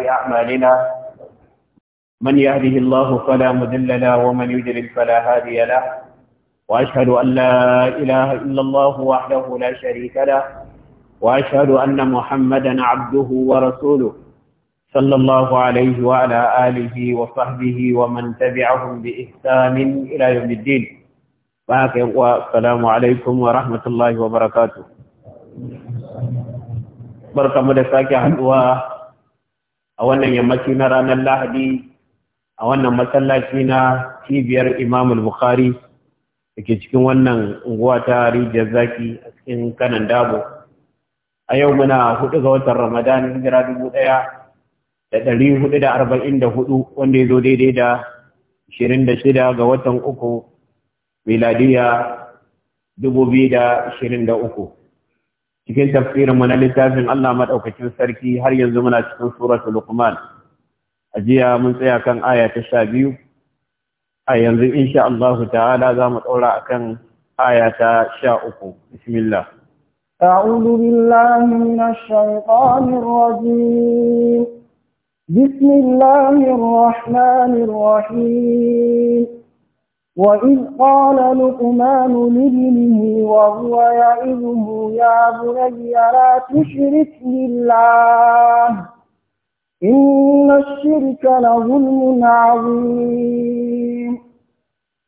أعمالنا من يهده الله فلا مذل له ومن يجلل فلا هادي له وأشهد أن لا إله إلا الله وحده لا شريك له وأشهد أن محمدا عبده ورسوله صلى الله عليه وعلى آله وصحبه ومن تبعهم بإحسان إلى يوم الدين والسلام عليكم ورحمة الله وبركاته بركة مدساك حدوى a wannan yammaci na ranar lahadi a wannan masallaci na cibiyar imamul bukhari da ke cikin wannan unguwa ta rijiyar zaki a cikin kanan dabo a yau muna hudu ga watan ramadan hijira dubu daya da ɗari hudu da arba'in da hudu wanda ya zo daidai da ashirin da shida ga watan uku miladiya dubu biyu da ashirin da uku cikin tafsirin mu na littafin Allah madaukakin sarki har yanzu muna cikin suratul Luqman ajiya mun tsaya kan aya ta 12 a yanzu insha Allah ta'ala zamu daura akan aya ta 13 bismillah أعوذ بالله من الشيطان الرجيم بسم الله الرحمن وإذ قال لقمان لابنه وهو يعظه يا بني لا تشرك بالله إن الشرك لظلم عظيم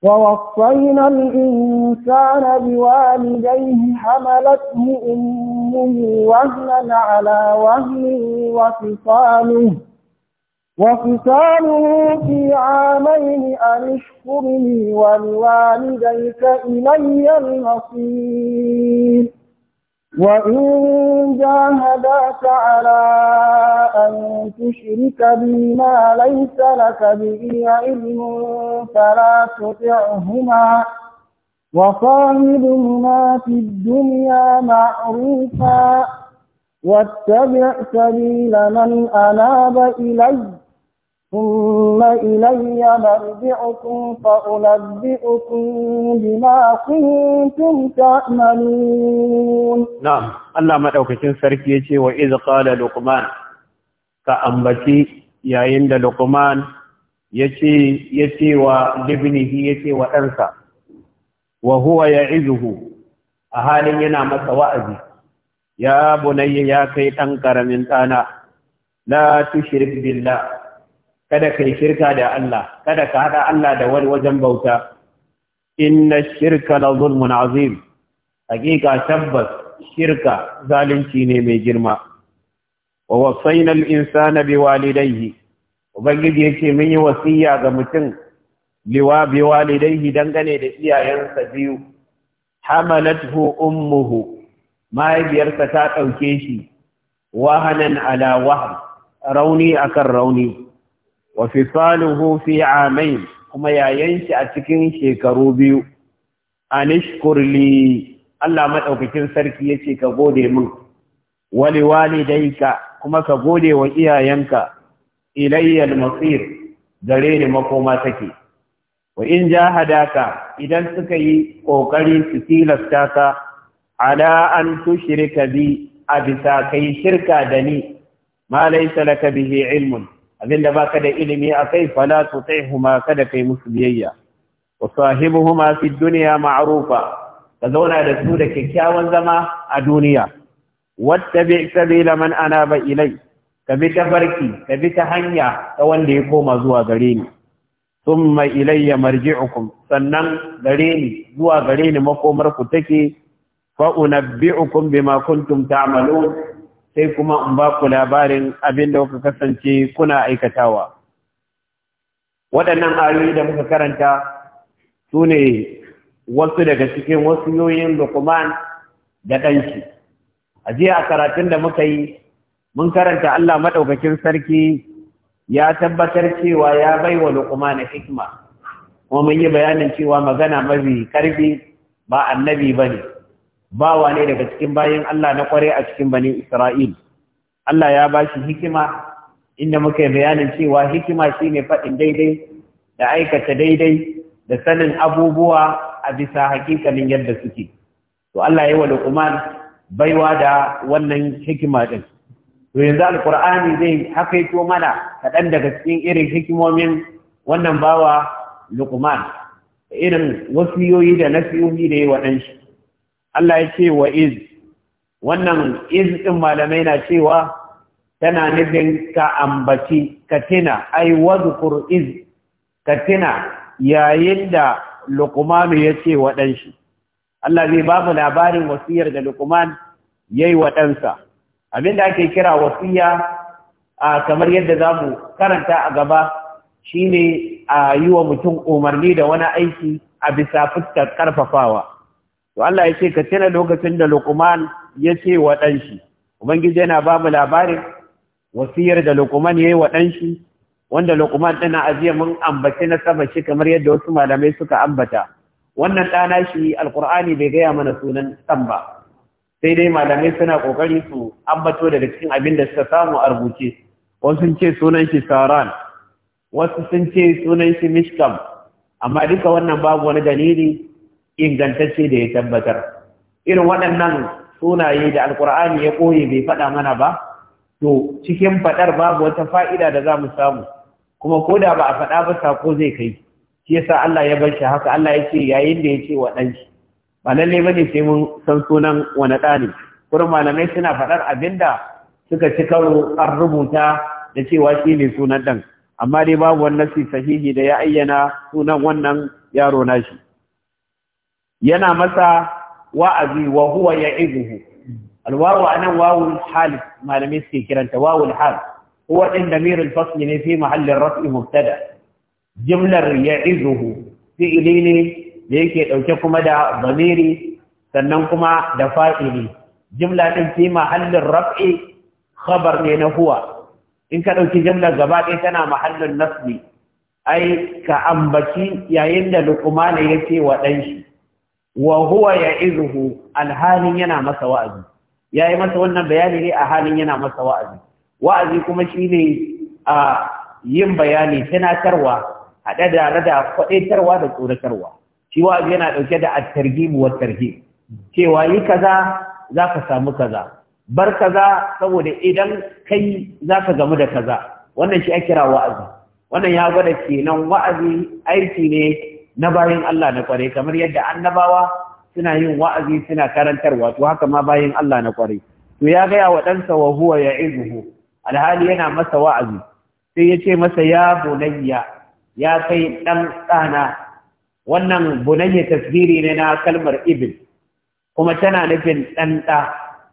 ووصينا الإنسان بوالديه حملته أمه وهنا على وهن وفصاله وختامه في عامين أن اشكرني ولوالديك إلي المصير وإن جاهداك على أن تشرك بي ما ليس لك به علم فلا تطعهما وصاحبهما في الدنيا معروفا واتبع سبيل من أناب إليّ ثم إلي مرجعكم فأنبئكم بما كنتم تعملون نعم الله ما دوكتين سركي يجي وإذ قال لقمان كأنبتي يا عند لقمان يجي يجي ولابنه يجي وأنسى وهو يعزه أهالي ينام سوائزي يا بني يا كي كرمين تانا لا تشرك بالله kada ka yi shirka da Allah kada ka hada Allah da wani wajen bauta inna shirka la zulmun azim hakika tabbas shirka zalunci ne mai girma wa wasaina al-insana biwalidayhi ubangiji yake mun yi wasiya ga mutum liwa biwalidayhi dangane da iyayensa biyu hamalathu ummuhu mahaifiyarsa ta ɗauke shi wahanan ala rauni akan rauni wa hufi fi amain kuma yayan shi a cikin shekaru biyu anishkur li Allah madaukakin sarki yace ka gode min wali walidayka kuma ka gode wa iyayenka ilayyal masir gare ni makoma take wa in jahadaka idan suka yi kokari su tilasta ka ala an tushrika bi a kai shirka da ni ma laysa laka bihi ilmun abinda baka da ilimi akai fala huma kada kai musu biyayya wa sahibuhuma fi dunya ma'rufa ka zauna da su da kyakkyawan zama a duniya wattabi sabila man anaba ilai ka bi ta farki ka bi ta hanya ta wanda ya koma zuwa gare ni thumma ilayya marji'ukum sannan gare ni zuwa gare ni makomar ku take fa unabbi'ukum bima kuntum ta'malun sai kuma in ba ku labarin abin da kuka kasance kuna aikatawa waɗannan ayoyi da muka karanta su ne wasu daga cikin wasu yoyin lukuman da ɗanshi a jiya a karatun da muka yi mun karanta Allah maɗaukakin sarki ya tabbatar cewa ya bai wa lukuman hikima kuma mun yi bayanin cewa magana mafi karfi ba annabi ba ne bawa ne daga cikin bayan Allah na kware a cikin bani Isra'il Allah ya ba shi hikima inda muka yi bayanin cewa hikima shine faɗin daidai da aikata daidai da sanin abubuwa a bisa hakikalin yadda suke to Allah ya wa Luqman baiwa da wannan hikima ɗin. to yanzu alqur'ani zai hakaito mana kaɗan daga cikin irin hikimomin wannan bawa Luqman irin wasiyoyi da nasiyoyi da ya wa shi. Allah ya ce wa iz wannan iz ɗin malamai na cewa tana nufin ka ambaci ka tina ai wadhkur iz ka tina yayin da luqman ya ce wa dan shi Allah zai ba mu labarin wasiyar da luqman yayi wa ɗansa abinda ake kira wasiya a kamar yadda zamu karanta a gaba shine a yi wa mutum umarni da wani aiki a bisa fuskar karfafawa to Allah ya ce ka tana lokacin da Luqman ya ce wa dan shi ubangiji yana ba mu labarin wasiyar da Luqman yayi wa dan shi wanda Luqman dana aziya mun ambace na sama shi kamar yadda wasu malamai suka ambata wannan dana shi alqur'ani bai gaya mana sunan san ba sai dai malamai suna kokari su ambato da cikin abin da suka samu a rubuce wasu sun ce sunan shi Saran wasu sun ce sunan shi Mishkam amma duka wannan babu wani dalili ingantacce da ya tabbatar irin waɗannan sunaye da alkur'ani ya koye bai faɗa mana ba to cikin faɗar babu wata fa'ida da za mu samu kuma ko da ba a faɗa ba sako zai kai shi yasa Allah ya bar shi haka Allah ya ce yayin da ya ce wa ɗan shi ba lalle bane sai mun san sunan wani ɗa ne kuma malamai suna faɗar abinda suka ci karo an rubuta da cewa shi ne sunan ɗan amma dai babu wani sahihi da ya ayyana sunan wannan yaro na shi. yana masa wa'azi wa huwa ya'izuhu alwawu anan wawul hal malamai suke kiranta wawul hal huwa da damirul fasl ne fi mahallin raf'i mubtada jumlar ya'izuhu fi'ili ne da yake ɗauke kuma da zamiri sannan kuma da fa'ili Jimla ɗin fi mahallin raf'i khabar ne na huwa in ka ɗauki jumlar gaba ɗaya tana mahallin nasbi ai ka ambaci yayin da luqman ya ce wa ɗan shi wa huwa ya'izuhu alhalin yana masa wa'azi Ya yi masa wannan bayani ne a halin yana masa wa'azi wa'azi kuma shine a yin bayani tunatarwa haɗe da rada kwaɗaitarwa da tsoratarwa shi wa'azi yana ɗauke da at-targhib wa tarhib cewa yi kaza za ka samu kaza bar kaza saboda idan kai za ka gamu da kaza wannan shi ake kira wa'azi wannan ya gwada kenan wa'azi aiki ne na bayin Allah na kware kamar yadda annabawa suna yin wa'azi suna karantarwa to haka ma bayin Allah na kwarai to ya gaya wa ɗansa wa huwa ya izuhu alhali yana masa wa'azi sai ya ce masa ya bunayya ya kai ɗan ɗana wannan bunayya tasbiri ne na kalmar ibn kuma tana nufin ɗan ɗa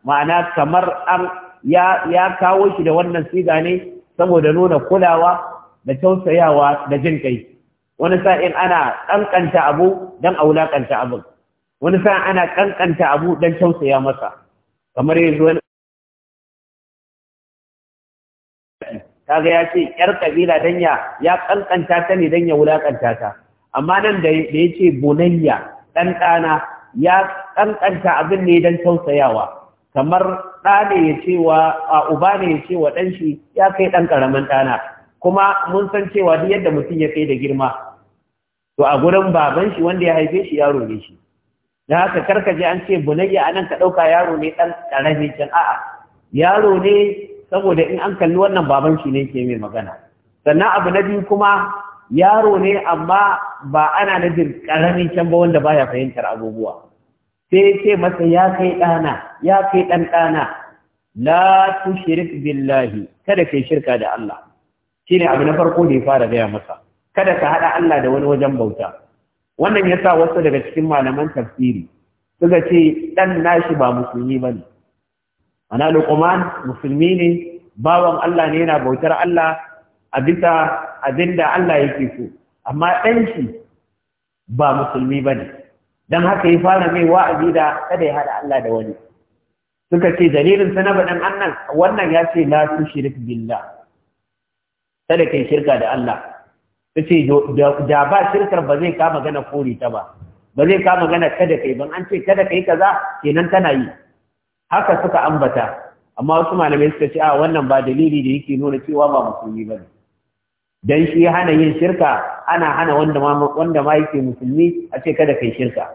ma'ana kamar an ya, ya kawo shi da wannan siga ne saboda nuna kulawa da tausayawa da jin kai wani sa'in ana ƙanƙanta abu don a wulaƙanta abin wani sa'in ana ƙanƙanta abu don tausaya masa kamar yanzu wani ga ya ce yar ƙabila don ya ya ta ne don ya wulaƙanta ta amma nan da ya ce bunayya ɗanɗana ya ƙanƙanta abin ne don tausayawa kamar ɗa ne ya ce wa uba ne ya ce wa ya kai ɗan ƙaramin ɗana kuma mun san cewa duk yadda mutum ya kai da girma to a gurin baban shi wanda ya haife shi yaro ne shi da haka karka je an ce bunayya anan ka ɗauka yaro ne ɗan ƙarami can a'a yaro ne saboda in an kalli wannan baban shi ne ke mai magana sannan abu na biyu kuma yaro ne amma ba ana nufin ƙaramin can ba wanda baya fahimtar abubuwa sai ce masa ya kai ɗana ya kai ɗan ɗana la tushrik billahi kada kai shirka da Allah shine abu na farko da ya fara gaya masa kada ka haɗa Allah da wani wajen bauta wannan ya sa wasu daga cikin malaman tafsiri suka ce ɗan nashi ba musulmi ba ne ana luqman musulmi ne bawan Allah ne yana bautar Allah a bisa abin da Allah yake so amma ɗan shi ba musulmi ba ne don haka ya fara mai wa'azi da kada ya haɗa Allah da wani suka ce dalilin sa na baɗin annan wannan ya ce la tushrik billah kada kai shirka da Allah ta ce da ba shirkar ba zai kama gana kore ta ba ba zai kama gana kada kai ban an ce kada kai kaza kenan tana yi haka suka ambata amma wasu malamai suka ce a wannan ba dalili da yake nuna cewa ba musulmi ba ne dan shi hana yin shirka ana hana wanda ma yake musulmi a ce kada kai shirka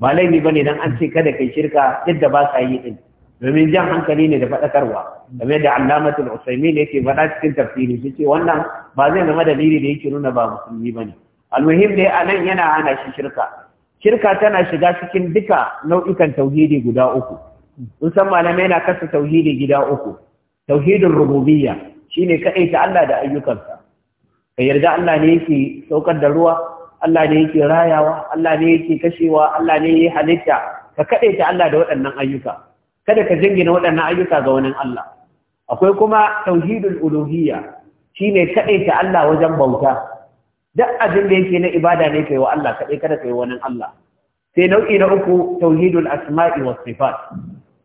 ba laifi bane dan an ce kada kai shirka yadda ba sa yi din domin jan hankali ne da faɗakarwa game da allamatul usaimi ne yake faɗa cikin tafsiri shi ce wannan ba zai zama dalili da yake nuna ba musulmi ba ne almuhim dai a nan yana hana shi shirka shirka tana shiga cikin duka nau'ikan tauhidi guda uku Sun san malamai na kasa tauhidi gida uku tauhidin rububiyya shine kaɗaita Allah da ayyukansa ka yarda Allah ne yake saukar da ruwa Allah ne yake rayawa Allah ne yake kashewa Allah ne yake halitta ka kaɗaita Allah da waɗannan ayyuka kada ka jingina waɗannan ayyuka ga wani Allah akwai kuma tauhidul uluhiyya shine ta Allah wajen bauta duk abin da yake na ibada ne kai wa Allah kadai kada kai wani Allah sai nau'i na uku tauhidul asma'i was sifat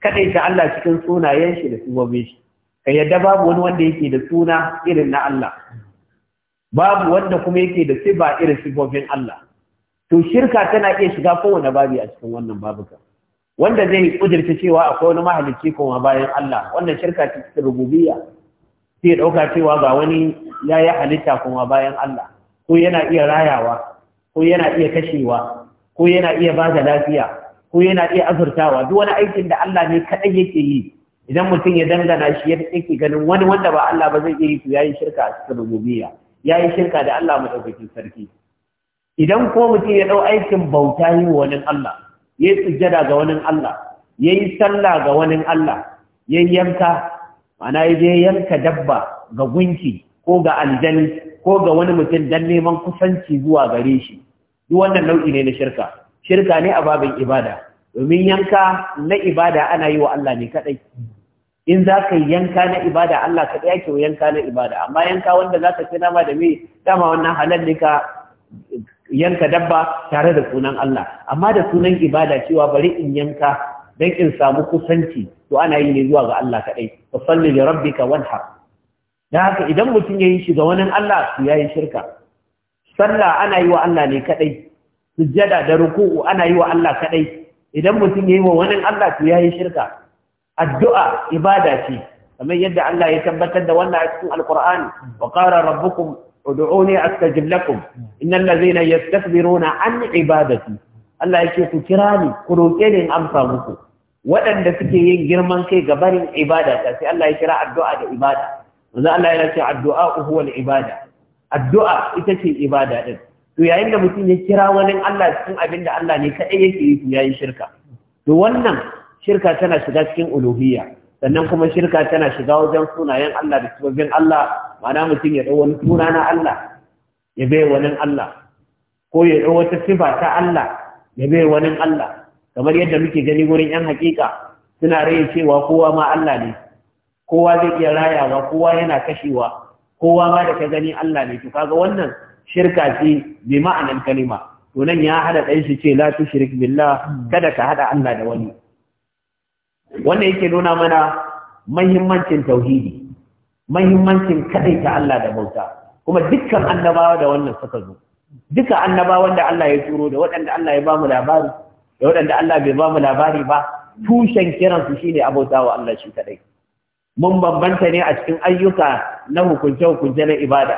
ta Allah cikin sunayen shi da sifofin shi ka yadda babu wani wanda yake da suna irin na Allah babu wanda kuma yake da sifa irin sifofin Allah to shirka tana iya shiga kowane babi a cikin wannan babuka wanda zai kudirce cewa akwai wani mahalicci kuma bayan Allah wannan shirka ce cikin rububiyya sai dauka cewa ga wani ya yi halitta kuma bayan Allah ko yana iya rayawa ko yana iya kashewa ko yana iya bada lafiya ko yana iya azurtawa duk wani aikin da Allah ne kadai yake yi idan mutum ya dangana shi yake ganin wani wanda ba Allah ba zai iya yi to yayi shirka a cikin rububiyya yayi shirka da Allah madaukakin sarki idan ko mutum ya dau aikin bauta yi wa wani Allah Yayi yi sujjada ga wani Allah ya yi sallah ga wani Allah ya yanka ana ya yanka dabba ga gunki ko ga aljani ko ga wani mutum don neman kusanci zuwa gare shi duk wannan nau'i ne na shirka shirka ne a babin ibada domin yanka na ibada ana yi wa Allah ne kadai in za ka yanka na ibada Allah kaɗai yake yanka na ibada amma yanka wanda za ka ce nama da me dama wannan halal ne ka yanka dabba tare da sunan Allah amma da sunan ibada cewa bari in yanka dan in samu kusanci to ana yi ne zuwa ga Allah kadai fa salli li rabbika wanhar dan haka idan mutum yayi shi ga wani Allah to yayi shirka sallah ana yi wa Allah ne kadai sujjada da ruku'u ana yi wa Allah kadai idan mutum yayi wa wani Allah to yayi shirka addu'a ibada ce kamar yadda Allah ya tabbatar da wannan a cikin alqur'ani wa qala rabbukum ne ud'uni astajib lakum innal ladzina na an ibadati Allah ya ce ku kira ni ku roke ni in amsa muku waɗanda suke yin girman kai ga barin ibada ta sai Allah ya kira addu'a da ibada manzo Allah yana ce addu'a huwa ibada addu'a ita ce ibada ɗin. to yayin da mutum ya kira wani Allah cikin abin da Allah ne kadai yake yi to yayin shirka to wannan shirka tana shiga cikin uluhiyya sannan kuma shirka tana shiga wajen sunayen Allah da sifofin Allah ma'ana mutum ya ɗau wani suna na Allah ya bai wani Allah ko ya ɗau wata sifa ta Allah ya bai wani Allah kamar yadda muke gani wurin yan hakika suna raye cewa kowa ma Allah ne kowa zai iya rayawa kowa yana kashewa kowa ma da ka gani Allah ne to kaga wannan shirka ce bi ma'anan kalima to nan ya hada ɗan shi ce la tushrik billah kada ka hada Allah da wani wanda yake nuna mana mahimmancin tauhidi mahimmancin kadaita Allah da bauta kuma dukkan annabawa da wannan suka zo duka annabawa da Allah ya turo da waɗanda Allah ya bamu labari da waɗanda Allah bai bamu labari ba tushen kiran su shine abauta wa Allah shi kadai mun bambanta ne a cikin ayyuka na hukunce hukunce na ibada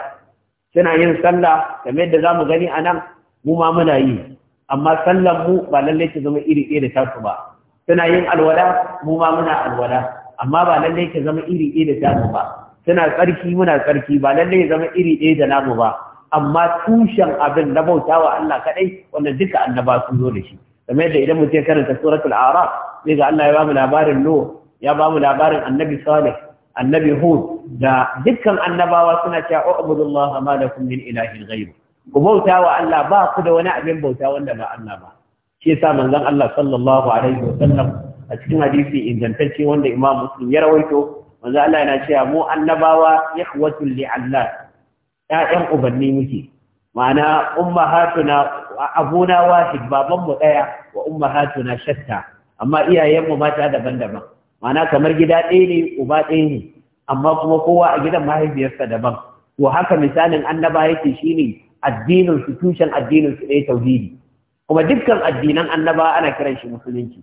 suna yin sallah kamar yadda zamu gani anan mu ma muna yi amma sallan mu ba lalle ta zama iri iri ta ba suna yin alwala mu ma muna alwala amma ba lallai ta zama iri ɗaya da tamu ba suna tsarki muna tsarki ba lallai ya zama iri ɗaya da namu ba amma tushen abin na wa Allah kaɗai wanda duka annaba sun zo da shi kamar yadda idan mutum ya karanta suratul a'raf sai ga Allah ya ba mu labarin no ya ba mu labarin Annabi Salih Annabi Hud da dukkan annabawa suna cewa ubudullaha ma lakum min ilahin ghayr ku wa Allah ba ku da wani abin bauta wanda ba Allah ba shi yasa manzon Allah sallallahu alaihi sallam a cikin hadisi ingantacce wanda Imam Muslim ya rawaito manzon Allah yana cewa mu annabawa ikhwatul li Allah Ya'yan ubanni muke ma'ana ummahatuna abuna wahid baban mu daya wa ummahatuna shatta amma iyayen mu mata daban-daban ma'ana kamar gida ɗaya ne uba ɗaya ne amma kuma kowa a gidan mahaifiyarsa daban to haka misalin annaba yake shine addinin su tushen addinin su ɗaya tauhidi kuma dukkan addinan annaba ana kiran shi musulunci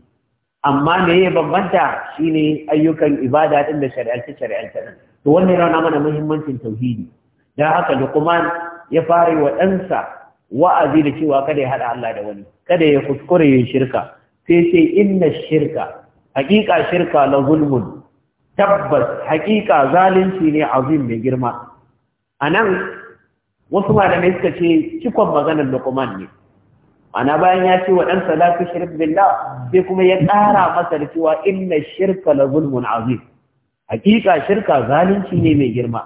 amma me ya bambanta shine ayyukan ibada din da shari'ance shari'ance din to wannan yana mana muhimmancin tauhidi dan haka Luqman ya fara wa ɗansa wa'azi da cewa kada ya hada Allah da wani kada ya kuskure yin shirka sai sai inna shirka haƙiƙa shirka la zulmun tabbas haƙiƙa zalunci ne azim mai girma anan wasu malamai suka ce cikon maganar Luqman ne ana bayan ya ce wa ɗan fi shirk billah sai kuma ya ƙara masa da cewa inna shirka la zulmun azim hakika shirka zalunci ne mai girma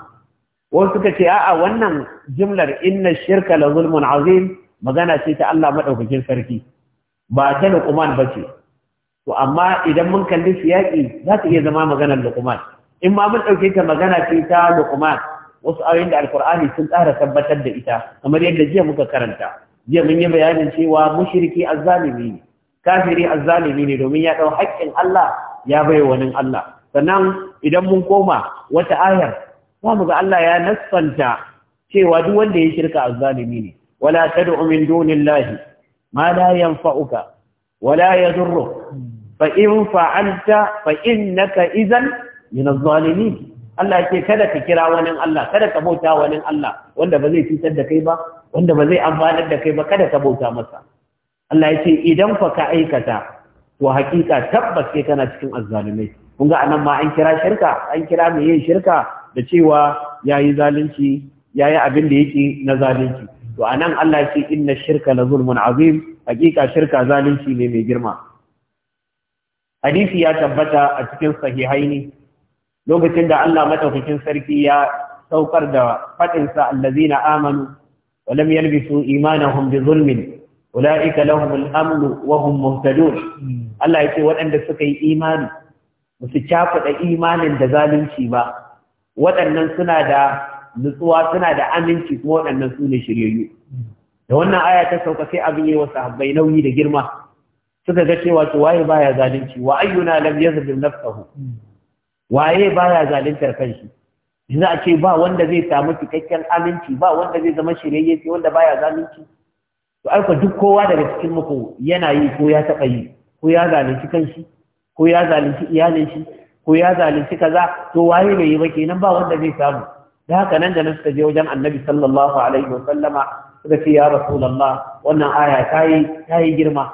wasu suka ce a'a wannan jimlar inna shirka la zulmun azim magana ce ta Allah madaukakin sarki ba ta Luqman bace to amma idan mun kalli siyaki za ta iya zama maganar Luqman in ma mun dauke ta magana ce ta Luqman wasu ayoyin da Alqur'ani sun tsara tabbatar da ita kamar yadda jiya muka karanta jiya mun yi bayanin cewa mushriki azzalimi ne kafiri azzalimi ne domin ya dau haƙƙin Allah ya bai wani Allah sannan idan mun koma wata ayar za mu ga Allah ya nasfanta cewa duk wanda ya shirka azzalimi ne wala tad'u min dunillahi ma la yanfa'uka wala yadurruk fa in fa'alta fa innaka idhan min adh Allah yake kada ka kira wani Allah kada ka bauta wani Allah wanda ba zai cutar da kai ba wanda ba zai amfanar da kai ba kada ka bauta masa Allah ya ce idan fa ka aikata to hakika tabbas kai kana cikin azzalumai kun ga anan ma an kira shirka an kira mai yin shirka da cewa yayi zalunci yayi abin da yake na zalunci to anan Allah ya ce inna shirka la zulmun azim hakika shirka zalunci ne mai girma hadisi ya tabbata a cikin sahihaini lokacin da Allah madaukakin sarki ya saukar da fadin sa allazina amanu ولم يلبسوا إيمانهم بظلم أولئك لهم الأمن وهم مهتدون الله يقول وأن سكي إيمان مسجافة إيمان دزالين شيبا وأن سنة دا nutsuwa suna da aminci kuma waɗannan su ne shiryayyu da wannan aya ta sauka sai abin yi wa sahabbai nauyi da girma suka ga cewa to waye baya zalunci wa ayyuna lam yazlim nafsahu waye baya zaluntar kanshi yanzu a ce ba wanda zai samu cikakken aminci ba wanda zai zama shirye sai wanda baya zalunci to alfa duk kowa daga cikin muku yana yi ko ya taɓa yi ko ya zalunci kanshi ko ya zalunci iyalin shi ko ya zalunci kaza to waye bai yi ba kenan ba wanda zai samu da haka nan da na suka je wajen annabi sallallahu alaihi wa sallama suka ce ya rasulullah wannan aya ta yi ta yi girma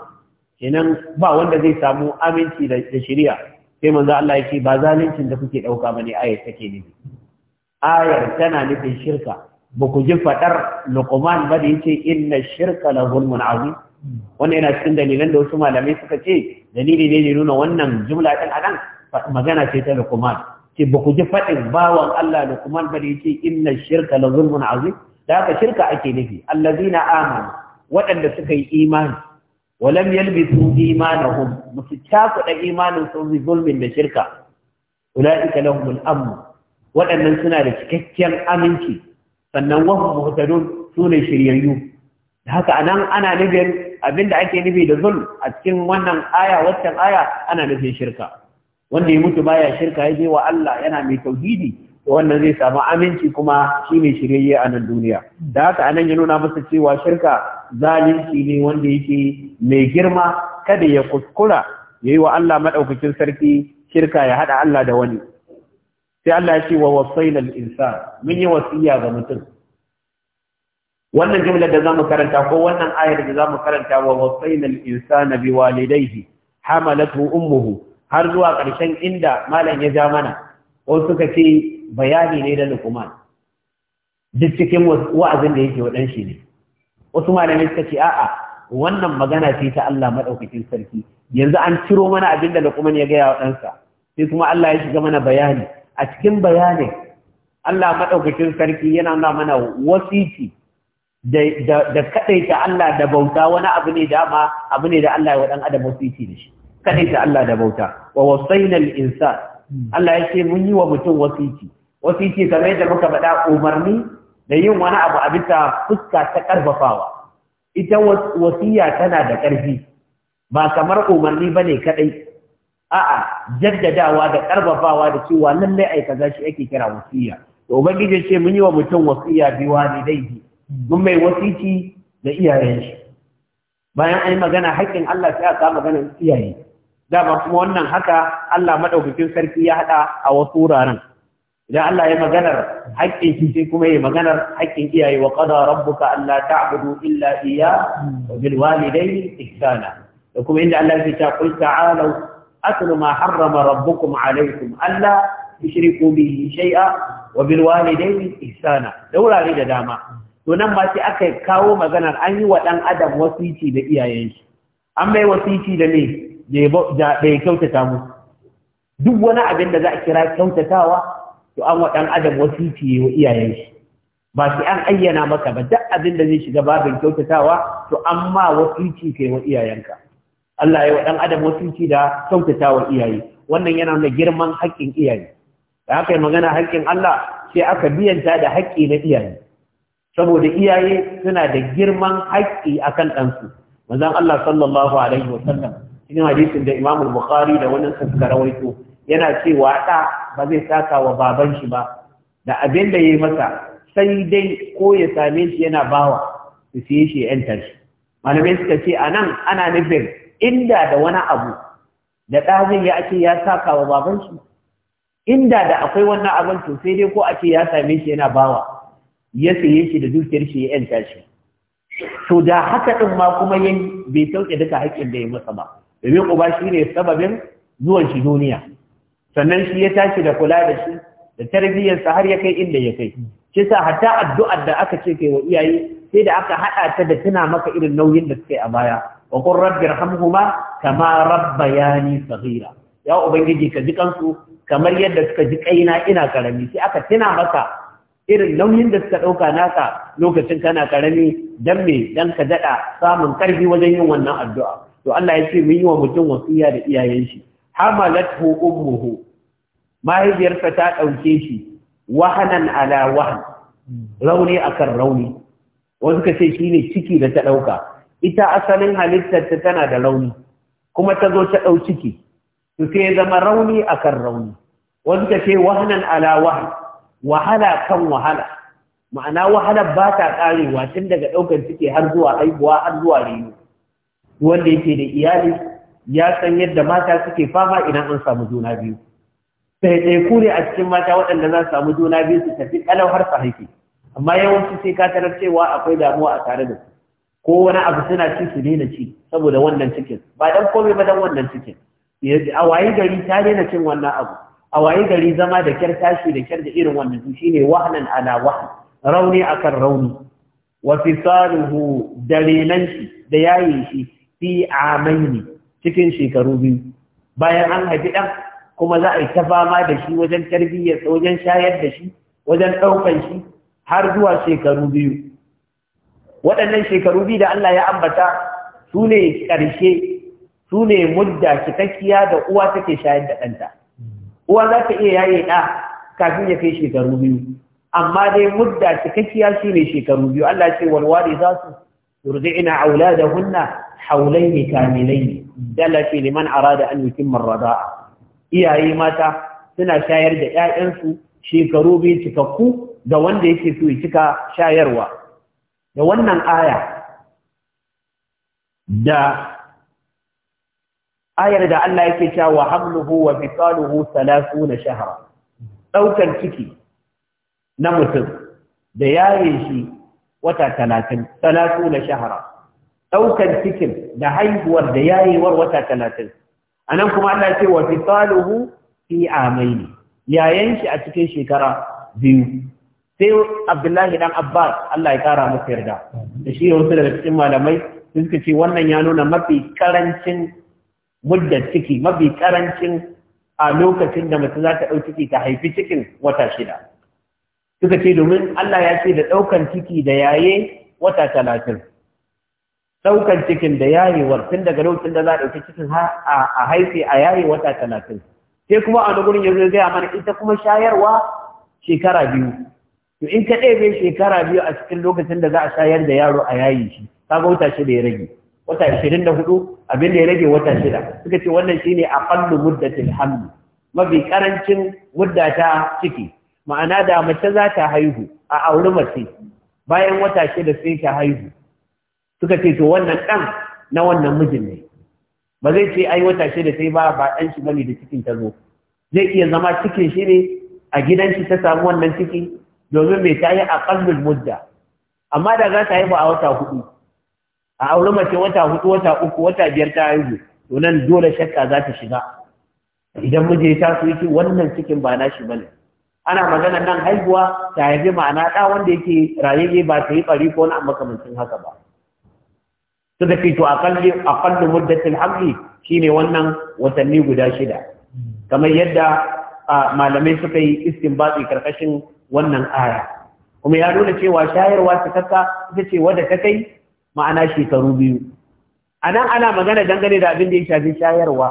kenan ba wanda zai samu aminci da shari'a sai manzo Allah ya ce ba zaluncin da kuke dauka bane ayat take ne ayar tana nufin shirka ba ku ji faɗar luqman ba da yace inna shirka la zulmun azim wannan yana cikin dalilan da wasu malamai suka ce dalili ne ne nuna wannan jumla din anan magana ce ta luqman ce ba ku ji faɗin bawan Allah luqman ba da yace inna shirka la zulmun azim da haka shirka ake nufi allazina amanu waɗanda suka yi imani ولم يلبسوا إيمانهم مسجاك da shirka. ظلم بشركة أولئك لهم الأمن waɗannan suna da cikakken aminci sannan wasu muhtadun su ne shiryayyu da haka anan ana nufin da ake nufi da zulm a cikin wannan aya waccan aya ana nufin shirka wanda ya mutu baya shirka ya je wa Allah yana mai tauhidi to wannan zai samu aminci kuma shi ne shiryayye a nan duniya da haka anan ya nuna masa cewa shirka zalunci ne wanda yake mai girma kada ya kuskura ya yi wa Allah maɗaukakin sarki shirka ya haɗa Allah da wani sai Allah ya ce wa wasaina al-insan mun yi wasiya ga mutum wannan jimlar da zamu karanta ko wannan ayar da zamu karanta wa wasaina al-insana biwalidayhi hamalatu ummuhu har zuwa ƙarshen inda malam ya ja mana wasu suka ce bayani ne da Luqman duk cikin wa'azin da yake wadan shi ne wasu malamai suka ce a'a wannan magana ce ta Allah madaukakin sarki yanzu an ciro mana abinda da Luqman ya ga ya wadansa sai kuma Allah ya shiga mana bayani a cikin bayanin Allah maɗaukacin sarki yana nuna mana wasiti da kaɗaita Allah da bauta wani abu ne da ma abu ne da Allah ya waɗan adam wasiti da shi kaɗaita Allah da bauta wa wasainal insa. Allah ya ce mun yi wa mutum wasiti wasiti kamar yadda muka faɗa umarni da yin wani abu a bisa fuska ta ƙarfafawa ita wasiya tana da ƙarfi ba kamar umarni ba ne kaɗai a'a jaddadawa da karbabawa da cewa lallai ai kaza shi ake kira wasiya to ubangiji ce mun yi wa mutum wasiya bi walidaihi mun mai wasici da iyayen shi bayan ai magana haƙƙin Allah sai aka magana iyaye dama kuma wannan haka Allah madaukakin sarki ya hada a wasu wuraren idan Allah ya maganar haƙƙin shi sai kuma ya maganar haƙƙin iyaye wa qada rabbuka alla ta'budu illa iyya wa bil walidayni ihsana da kuma inda Allah ya ce qul ta'alu أتل ما حرم ربكم عليكم ألا تشركوا به شيئا وبالوالدين إحسانا دولة غير داما tunan ba sai aka kawo maganar an yi wa ɗan adam wasici da iyayen an mai wasici da ne da kyautata musu duk wani abin da za a kira kyautatawa to an wa ɗan shi an ayyana maka ba duk abin da zai shiga babin kyautatawa to an ma wasici kai wa iyayenka Allah ya wa ɗan adam wasunci da kyautata wa iyaye wannan yana nuna girman haƙƙin iyaye da aka yi magana haƙƙin Allah sai aka biyanta da haƙƙi na iyaye saboda iyaye suna da girman haƙƙi akan ɗansu manzon Allah sallallahu alaihi wa sallam cikin hadisin da Imam Bukhari da wani suka rawaito yana cewa ɗa ba zai saka wa baban shi ba da abin da yi masa sai dai ko ya same shi yana bawa su siye shi 'yantar shi malamai suka ce nan ana nufin inda da wani abu da ɗazin ya ake ya saka wa babansu inda da akwai wannan abin to sai dai ko a ya same shi yana bawa ya saye shi da dukiyar shi ya yanta shi to da haka din ma kuma yayi bai sauke duka haƙƙin da ya masa ba domin uba shi ne sababin zuwan shi duniya sannan shi ya tashi da kula da shi da tarbiyyar sa har ya kai inda ya kai shi sa hatta addu'ar da aka ce kai wa iyaye sai da aka haɗa ta da tuna maka irin nauyin da suka yi a baya wa qur rabbi irhamhuma kama rabbayani saghira ya ubangiji ka ji kansu kamar yadda suka ji kaina ina karami sai aka tuna maka irin nauyin da suka dauka naka lokacin kana karami dan me dan ka daɗa samun karfi wajen yin wannan addu'a to Allah ya ce mun yi wa mutum wasiya da iyayen shi hamalathu ummuhu mahaifiyarsa ta ɗauke shi wahanan ala rauni akan rauni wasu ka ce shine ciki da ta ɗauka. ita asalin halittar ta tana da rauni kuma ta zo ta ɗau ciki to sai zama rauni akan rauni wanda ta ce wahanan ala wahan wahala kan wahala ma'ana wahala ba ta ƙarewa tun daga ɗaukar ciki har zuwa haihuwa har zuwa reno wanda yake da iyali ya san yadda mata suke fama idan an samu juna biyu sai ɗaya kure a cikin mata waɗanda za su samu juna biyu su tafi ƙalau har su haife amma yawanci sai ka tarar cewa akwai damuwa a tare da su ko wani abu suna ci su daina ci saboda wannan cikin ba dan komai ba dan wannan cikin a wayi gari ta daina cin wannan abu a wayi gari zama da kyar tashi da kyar da irin wannan to shine wahnan ala wahn rauni akan rauni wa fisaluhu da renan shi da yayi shi fi amaini cikin shekaru biyu bayan an haifi ɗan, kuma za a yi ta fama da shi wajen tarbiyyar wajen shayar da shi wajen ɗaukan shi har zuwa shekaru biyu waɗannan shekaru biyu da Allah ya ambata su ne ƙarshe su ne mudda cikakkiya da uwa take shayar da ɗanta uwa za ta iya yaye ɗa kafin ya kai shekaru biyu amma dai mudda cikakkiya shi ne shekaru biyu Allah ce walwali za su yurdi'ina auladahunna haulaini kamilaini Allah ce man arada an yutimma rada'a iyaye mata suna shayar da 'ya'yansu shekaru biyu cikakku da wanda yake so ya cika shayarwa da wannan aya da ayar da Allah yake cewa wa hamluhu wa fisaluhu 30 shahra daukar ciki na mutum da yaye shi wata 30 30 shahra daukar cikin da haihuwar da yayewar wata 30 anan kuma Allah yake wa fisaluhu fi amaini yayan shi a cikin shekara biyu sai abdullahi dan abbas allah ya kara masa yarda da shi wasu daga cikin malamai sun suka ce wannan ya nuna mafi karancin muddar ciki mafi karancin a lokacin da mace za ta ɗau ciki ta haifi cikin wata shida suka ce domin allah ya ce da ɗaukan ciki da yaye wata talatin ɗaukan cikin da yayewar tun daga lokacin da za a ɗauki cikin a haife a yaye wata talatin sai kuma a wani gurin ya zo gaya mana ita kuma shayarwa shekara biyu to in ka ɗebe shekara biyu a cikin lokacin da za a shayar da yaro a yayi shi kaga wata shida ya rage wata ashirin da hudu abin da ya rage wata shida suka ce wannan shine aqallu muddatil haml mafi karancin mudda ta ciki ma'ana da mace za ta haihu a auri mace bayan wata shida sai ta haihu suka ce to wannan ɗan na wannan mijin ne ba zai ce ai wata shida sai ba ba ɗan shi bane da cikin ta zo zai iya zama cikin shi ne a gidan shi ta samu wannan ciki domin mai ta yi ƙalmin mudda amma da za ta haihu a wata hudu a aure mace wata hudu wata uku wata biyar ta haihu to nan dole shakka za ta shiga idan miji ya taso yake wannan cikin ba nashi bane ana magana nan haihuwa ta haifi ma'ana ɗa wanda yake rayayye ba ta yi ɓari ko na makamancin haka ba fito a to a akallu muddatin hamli shine wannan watanni guda shida kamar yadda malamai suka yi istin batsi karkashin wannan aya kuma ya nuna cewa shayarwa cikakka ita ce wadda ta kai ma'ana shekaru biyu a nan ana magana dangane da abin da ya shafi shayarwa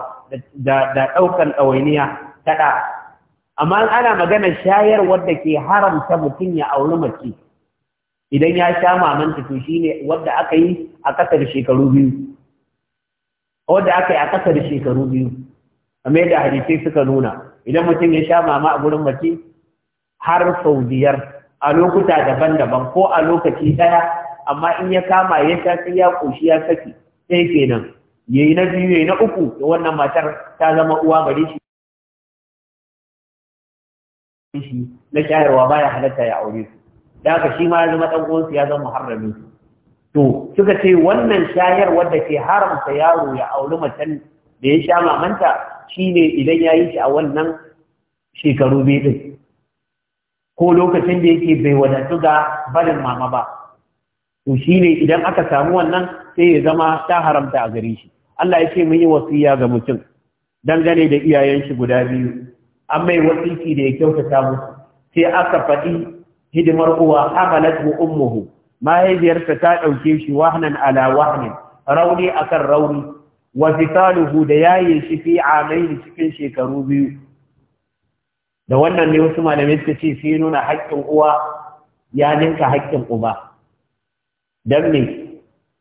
da ɗaukan ɗawainiya ta ɗa amma ana magana shayarwar da ke haramta mutum ya auri mace idan ya sha mamanta to ne wadda aka yi a ƙasar shekaru biyu wadda aka yi a ƙasar shekaru biyu kamar yadda hadisai suka nuna idan mutum ya sha mama a gurin mace har sau biyar a lokuta daban-daban ko a lokaci ɗaya amma in ya kama ya sha sai ya ƙoshi ya saki sai kenan ya yi na biyu ya yi na uku da wannan matar ta zama uwa gare shi na shayarwa baya halatta ya aure su da haka shi ma ya zama ɗan uwansu ya zama muharramin su to suka ce wannan shayar da ke haramta yaro ya auri macen da ya sha mamanta shine idan ya yi shi a wannan shekaru biyu ko lokacin da yake bai wadatu ga barin mama ba to ne idan aka samu wannan sai ya zama ta haramta a gare shi Allah ya ce mun yi wasiya ga mutum dangane da iyayen shi guda biyu an mai wasiki da ya kyautata musu sai aka faɗi hidimar uwa hamalatu ummuhu mahaifiyarsa ta ɗauke shi wahnan ala wahnin rauni akan rauni wa fitaluhu da yaye shi fi amaini cikin shekaru biyu da wannan ne wasu malamai suka ce sai nuna haƙƙin uwa ya ninka haƙƙin uba don ne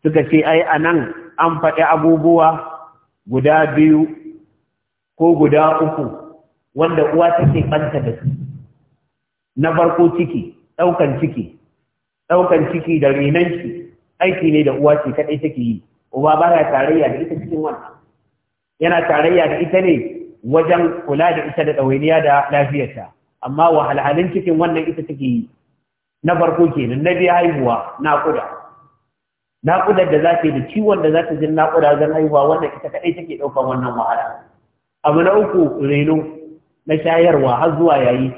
suka ce ai a nan an faɗi abubuwa guda biyu ko guda uku wanda uwa take ɓanta da su na farko ciki ɗaukan ciki ɗaukan ciki da shi aiki ne da uwa ce kaɗai take yi uba ba ya tarayya da ita cikin wannan yana tarayya da ita ne wajen kula da ita da ɗawainiya da lafiyarta amma wahalhalin cikin wannan ita take yi na farko kenan na biya haihuwa naƙuda naƙudar da za ta yi da ciwon da za ta jin naƙuda zan haihuwa wannan ita kaɗai take ɗaukar wannan wahala abu na uku reno na shayarwa har zuwa yayi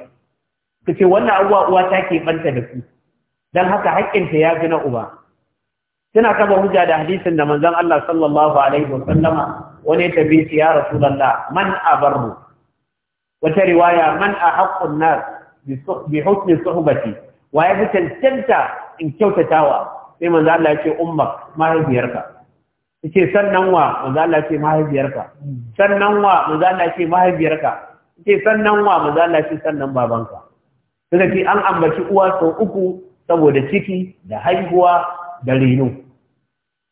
ka ce wannan abubuwa uwa ta ke ɓanta da su don haka haƙƙinta ya fi na uba suna kaba hujja da hadisin da manzon Allah sallallahu alaihi wasallama wani ya tafi shi ya rasulullah man abarru wata riwaya man an nas bi hukmi suhbati wa ya tantanta in kyautatawa sai manzon Allah ya ce ummak mahaifiyarka ce sannan wa manzon Allah ce mahaifiyarka sannan wa manzon Allah ce mahaifiyarka ce sannan wa manzon Allah ce sannan babanka suka ki an ambaci uwa sau uku saboda ciki da haihuwa da reno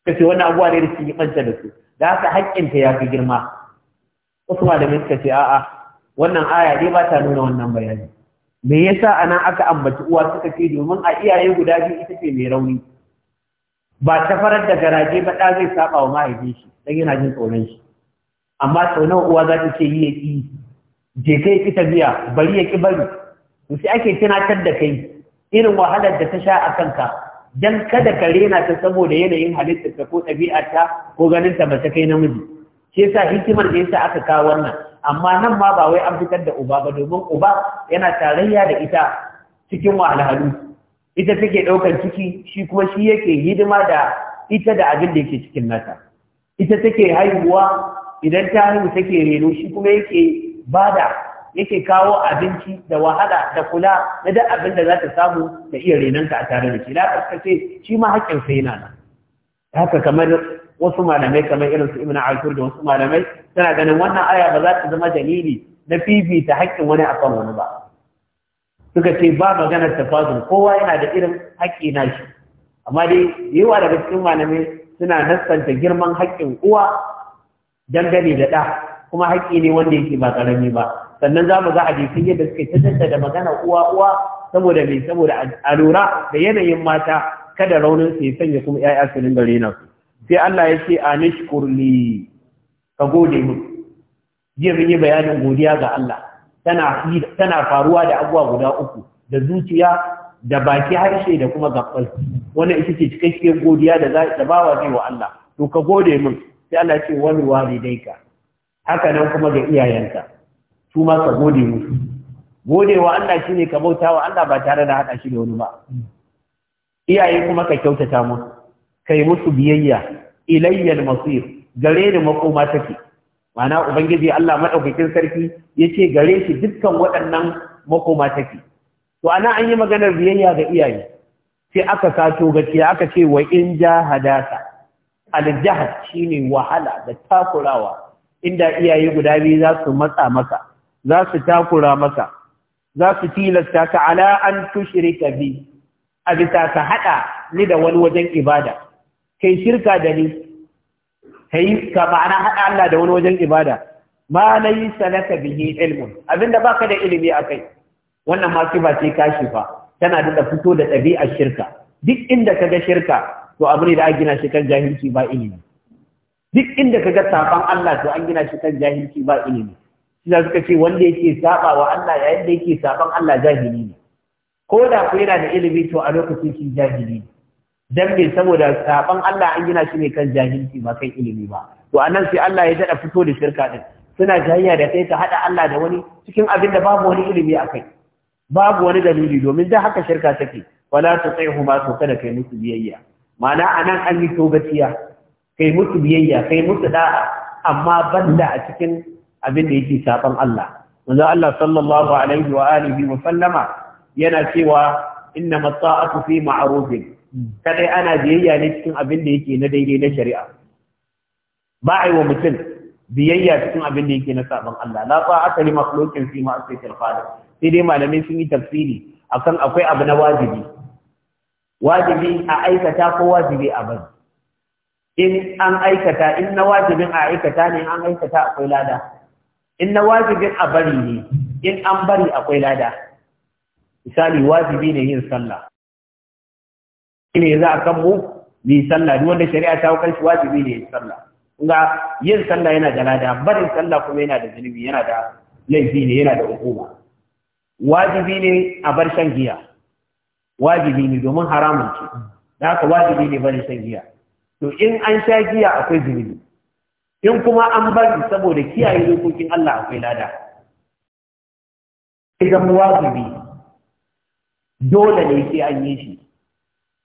kace ce wannan abuwa ne da su yi banta da su da haka haƙƙinta ya fi girma wasu da suka ce a'a wannan aya dai ba ta nuna wannan bayani me yasa anan aka ambaci uwa suka ce domin a iyaye guda biyu ita ce mai rauni ba ta farar da garaje ba ɗa zai saba wa mahaifin shi dan yana jin tsoron shi amma tsoron uwa za ta ce yi ya ƙi je kai ki tafiya bari ya ƙi bari to sai ake tunatar da kai irin wahalar da ta sha a kanka dan kada ka rena ta saboda yanayin halitta ta ko ɗabi'ata ko ganin ta ba ta kai namiji shi yasa hikimar da yasa aka kawo wannan amma nan ma ba wai an fitar da uba ba domin uba yana tarayya da ita cikin wahalhalu ita take ɗaukar ciki shi kuma shi yake hidima da ita da abin da yake cikin nata ita take haihuwa idan ta haihu take reno shi kuma yake bada yake kawo abinci da wahala da kula da duk abin da za samu da iya ka a tare da shi la kaskace shi ma haƙƙin sai yana nan haka kamar wasu malamai kamar irin su Ibn al da wasu malamai suna ganin wannan aya ba za ta zama dalili na fifita haƙƙin wani akan wani ba suka ce ba maganar tafazul kowa yana da irin haƙƙi na shi amma dai yawa daga cikin malamai suna nassanta girman haƙƙin uwa dangane da ɗa kuma haƙƙi ne wanda yake ba ƙarami ba sannan za mu ga hadisi yadda suka ta da magana uwa uwa saboda mai saboda a da yanayin mata kada raunin su ya sanya kuma 'ya'ya su dinga rena su sai Allah ya ce anishkur ka gode mu jiya mun yi bayanin godiya ga Allah tana tana faruwa da abuwa guda uku da zuciya da baki harshe da kuma gabbal wannan ita ce cikakken godiya da za ta bawa zai wa Allah to ka gode mun. sai Allah ya ce dai ka. haka nan kuma ga iyayenka su ma ka gode musu gode wa Allah shine ka bauta wa Allah ba tare da hada shi da wani ba iyaye kuma ka kyautata musu kai musu biyayya ilayyal masir gare ni makoma take ma'ana ubangiji Allah madaukakin sarki yace gare shi dukkan waɗannan makoma take to ana an yi maganar biyayya ga iyaye sai aka sato gaciya aka ce wa in jahadaka aljahad shine wahala da takurawa inda iyaye guda biyu za su matsa maka za su takura masa za su tilasta ka ala an tushrika bi a bisa ka haɗa ni da wani wajen ibada kai shirka da ni kai ka ma'ana haɗa Allah da wani wajen ibada ma laysa laka bihi ilmun abinda baka da ilimi akai wannan ma ba ce kashi fa tana da fito da ɗabi'ar shirka duk inda ka ga shirka to abin da aka gina shi kan jahilci ba ilimi duk inda ka ga saban Allah to an gina shi kan jahilci ba ilimi suna suka ce wanda yake saba wa Allah yayin da yake saban Allah jahili ne ko da ku yana da ilimi to a lokacin shi jahili ne dan me saboda saban Allah an gina shi ne kan jahilci ba kan ilimi ba to anan sai Allah ya dada fito da shirka din suna jayayya da kai ta hada Allah da wani cikin abin da babu wani ilimi a kai babu wani dalili domin da haka shirka take wala tuqihu ma to kada kai musu biyayya ma'ana anan an yi togaciya kai musu biyayya kai musu da'a amma banda a cikin abin da yake saban Allah manzo Allah sallallahu alaihi wa alihi wa sallama yana cewa inna mata'atu fi ma'rufin kadai ana biyayya ne cikin abin da yake na daidai na shari'a ba a yi wa mutum biyayya cikin abin da yake na saban Allah la ta'ata li makhluqin fi ma'siyatil khaliq sai dai malamai sun yi tafsiri akan akwai abu na wajibi wajibi a aikata ko wajibi a bari in an aikata in na wajibin a aikata ne an aikata akwai lada in na wajibin a bari ne in an bari akwai lada misali wajibi ne yin sallah ne za a kan mu yi sallah duk wanda shari'a ta hukunci wajibi ne yin sallah kuma yin sallah yana da lada barin sallah kuma yana da zunubi yana da laifi ne yana da hukuma wajibi ne a bar shan giya wajibi ne domin haramun ce da haka wajibi ne barin shan giya to in an sha giya akwai zunubi in kuma an bari saboda kiyaye dokokin Allah akwai lada idan wajibi dole ne sai an yi shi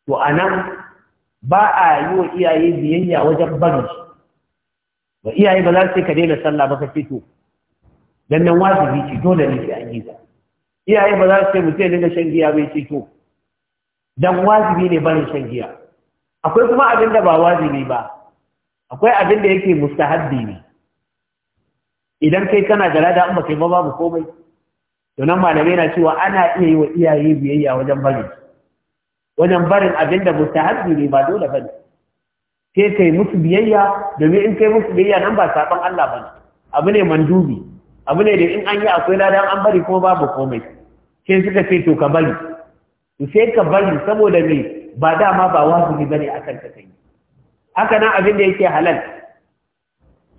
to anan ba a yi wa iyaye biyayya wajen bari shi ba iyaye ba za su ka daina sallah ba ka ce to dan nan wajibi ce dole ne sai an yi ta iyaye ba za su ce mutum ya dinga shan giya bai ce to dan wajibi ne barin shan giya akwai kuma abin da ba wajibi ba akwai abin da yake mustahabbi ne idan kai kana da lada an baka ba babu komai to nan malamai na cewa ana iya yi wa iyaye biyayya wajen barin wajen barin abin da mustahabbi ne ba dole ba ne kai musu biyayya domin in kai musu biyayya nan ba saban Allah ba abu ne mandubi abu ne da in an yi akwai ladan an bari kuma babu komai sai suka ce to ka bari sai ka bari saboda me ba dama ba wajibi bane akan ka kai haka nan abin da yake halal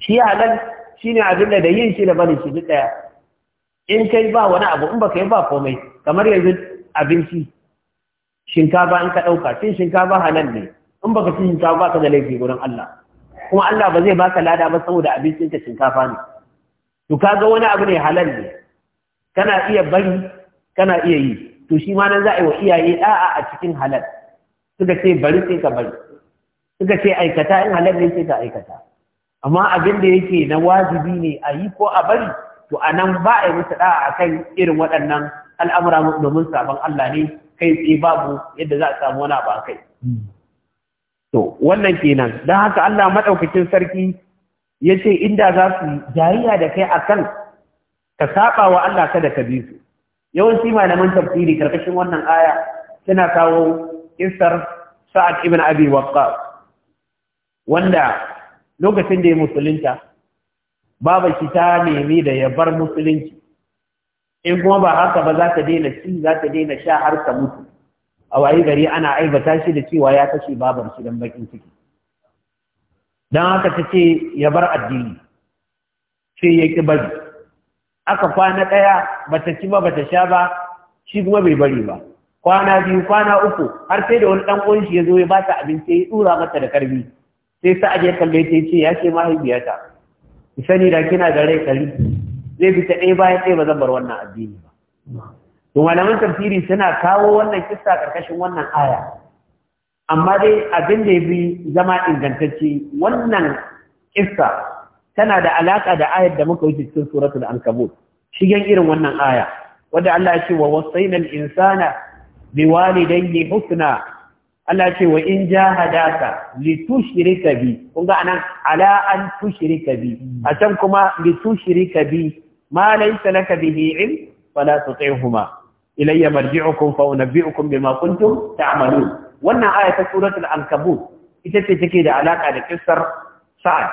shi halal shi ne abin da da yin shi da barin shi duk daya in kai ba wani abu in baka yi ba komai kamar yanzu abinci shinkafa in ka dauka cin shinkafa halal ne in baka ci shinkafa ba ka da laifi gurin Allah kuma Allah ba zai baka lada ba saboda abincin ka shinkafa ne to kaga wani abu ne halal ne kana iya bari kana iya yi to shi ma nan za a yi wa iyaye da'a a cikin halal suka ce bari sai ka bari suka ce aikata in halal ne ce ka aikata amma abin da yake na wajibi ne a yi ko a bari to a nan ba a yi musu da'a a kan irin waɗannan al'amura domin sabon Allah ne kai tsaye babu yadda za a samu wani ba kai. To, wannan kenan, don haka Allah maɗaukacin sarki ya ce inda za su jariya da kai a kan ka saɓa wa Allah kada ka bi su. Yawanci malaman tafsiri karkashin wannan aya suna kawo kisar Sa'ad ibn Abi Waqqas wanda lokacin da ya musulunta babu shi ta nemi da ya bar musulunci in kuma ba haka ba za ta daina ci za ta daina sha har ta mutu a wayi gari ana aibata shi da cewa ya kashe babar shi don bakin ciki don haka ta ce ya bar addini ce ya ki bari aka kwana ɗaya ba ta ci ba ba ta sha ba shi kuma bai bari ba kwana biyu kwana uku har sai da wani ɗan ƙunshi ya zo ya ba ta abinci ya yi ɗura mata da karbi sai sa ya kalle ta ce ya ce mahaifiyata ki sani da kina da rai kari zai fita ɗaya bayan ɗaya ba zan bar wannan addini ba to malaman tafsiri suna kawo wannan kissa karkashin wannan aya amma dai abin da ya bi zama ingantacce wannan kissa tana da alaka da ayar da muka wuce cikin suratul ankabut shigen irin wannan aya wanda Allah ya ce wa wasaina al-insana biwalidayhi husna Allah ce wa in jahadaka li tushrika bi kun ga anan ala an tushrika bi hmm. a can kuma li tushrika bi ma laysa laka bihi ilm fala tuti'huma ilayya marji'ukum fa unabbi'ukum bima kuntum ta'malun wannan aya ta suratul ankabut ita ce take da alaka da kissar sa'ad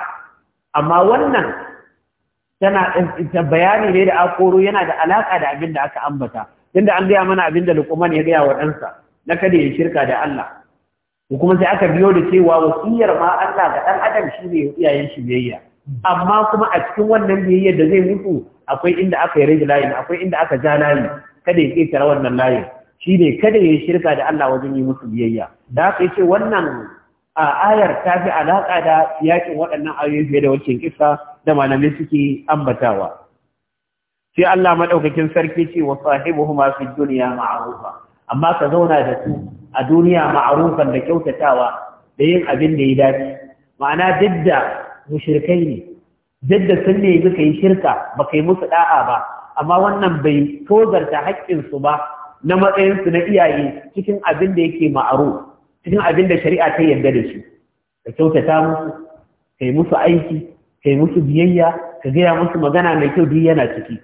amma wannan tana ta bayani ne da akoro yana da alaka da abin da aka ambata tunda an gaya mana abin da Luqman ya gaya wa ɗansa na kada ya shirka da Allah kuma sai aka biyo da cewa wasiyar ma Allah ga dan adam shi ne iyayen shi biyayya amma kuma a cikin wannan biyayya da zai mutu akwai inda aka yi rage layin akwai inda aka ja layi kada ya ƙetare wannan layin shi ne kada ya shirka da Allah wajen yi musu biyayya da aka ce wannan a ayar ta fi alaƙa da yakin waɗannan ayoyi fiye da wacce kisa da malamai suke ambatawa sai Allah madaukakin sarki ce wa sahibuhuma fi dunya ma'rufa amma ka zauna da su a duniya ma'arufan da kyautatawa da yin abin da ya dace ma'ana duk da mushrikai ne duk da sun ne yi shirka ba kai musu da'a ba amma wannan bai tozarta haƙƙinsu ba na matsayinsu na iyaye cikin abin da yake ma'aru cikin abin da shari'a ta yarda da shi ka kyautata musu kai musu aiki kai musu biyayya ka gaya musu magana mai kyau duk yana ciki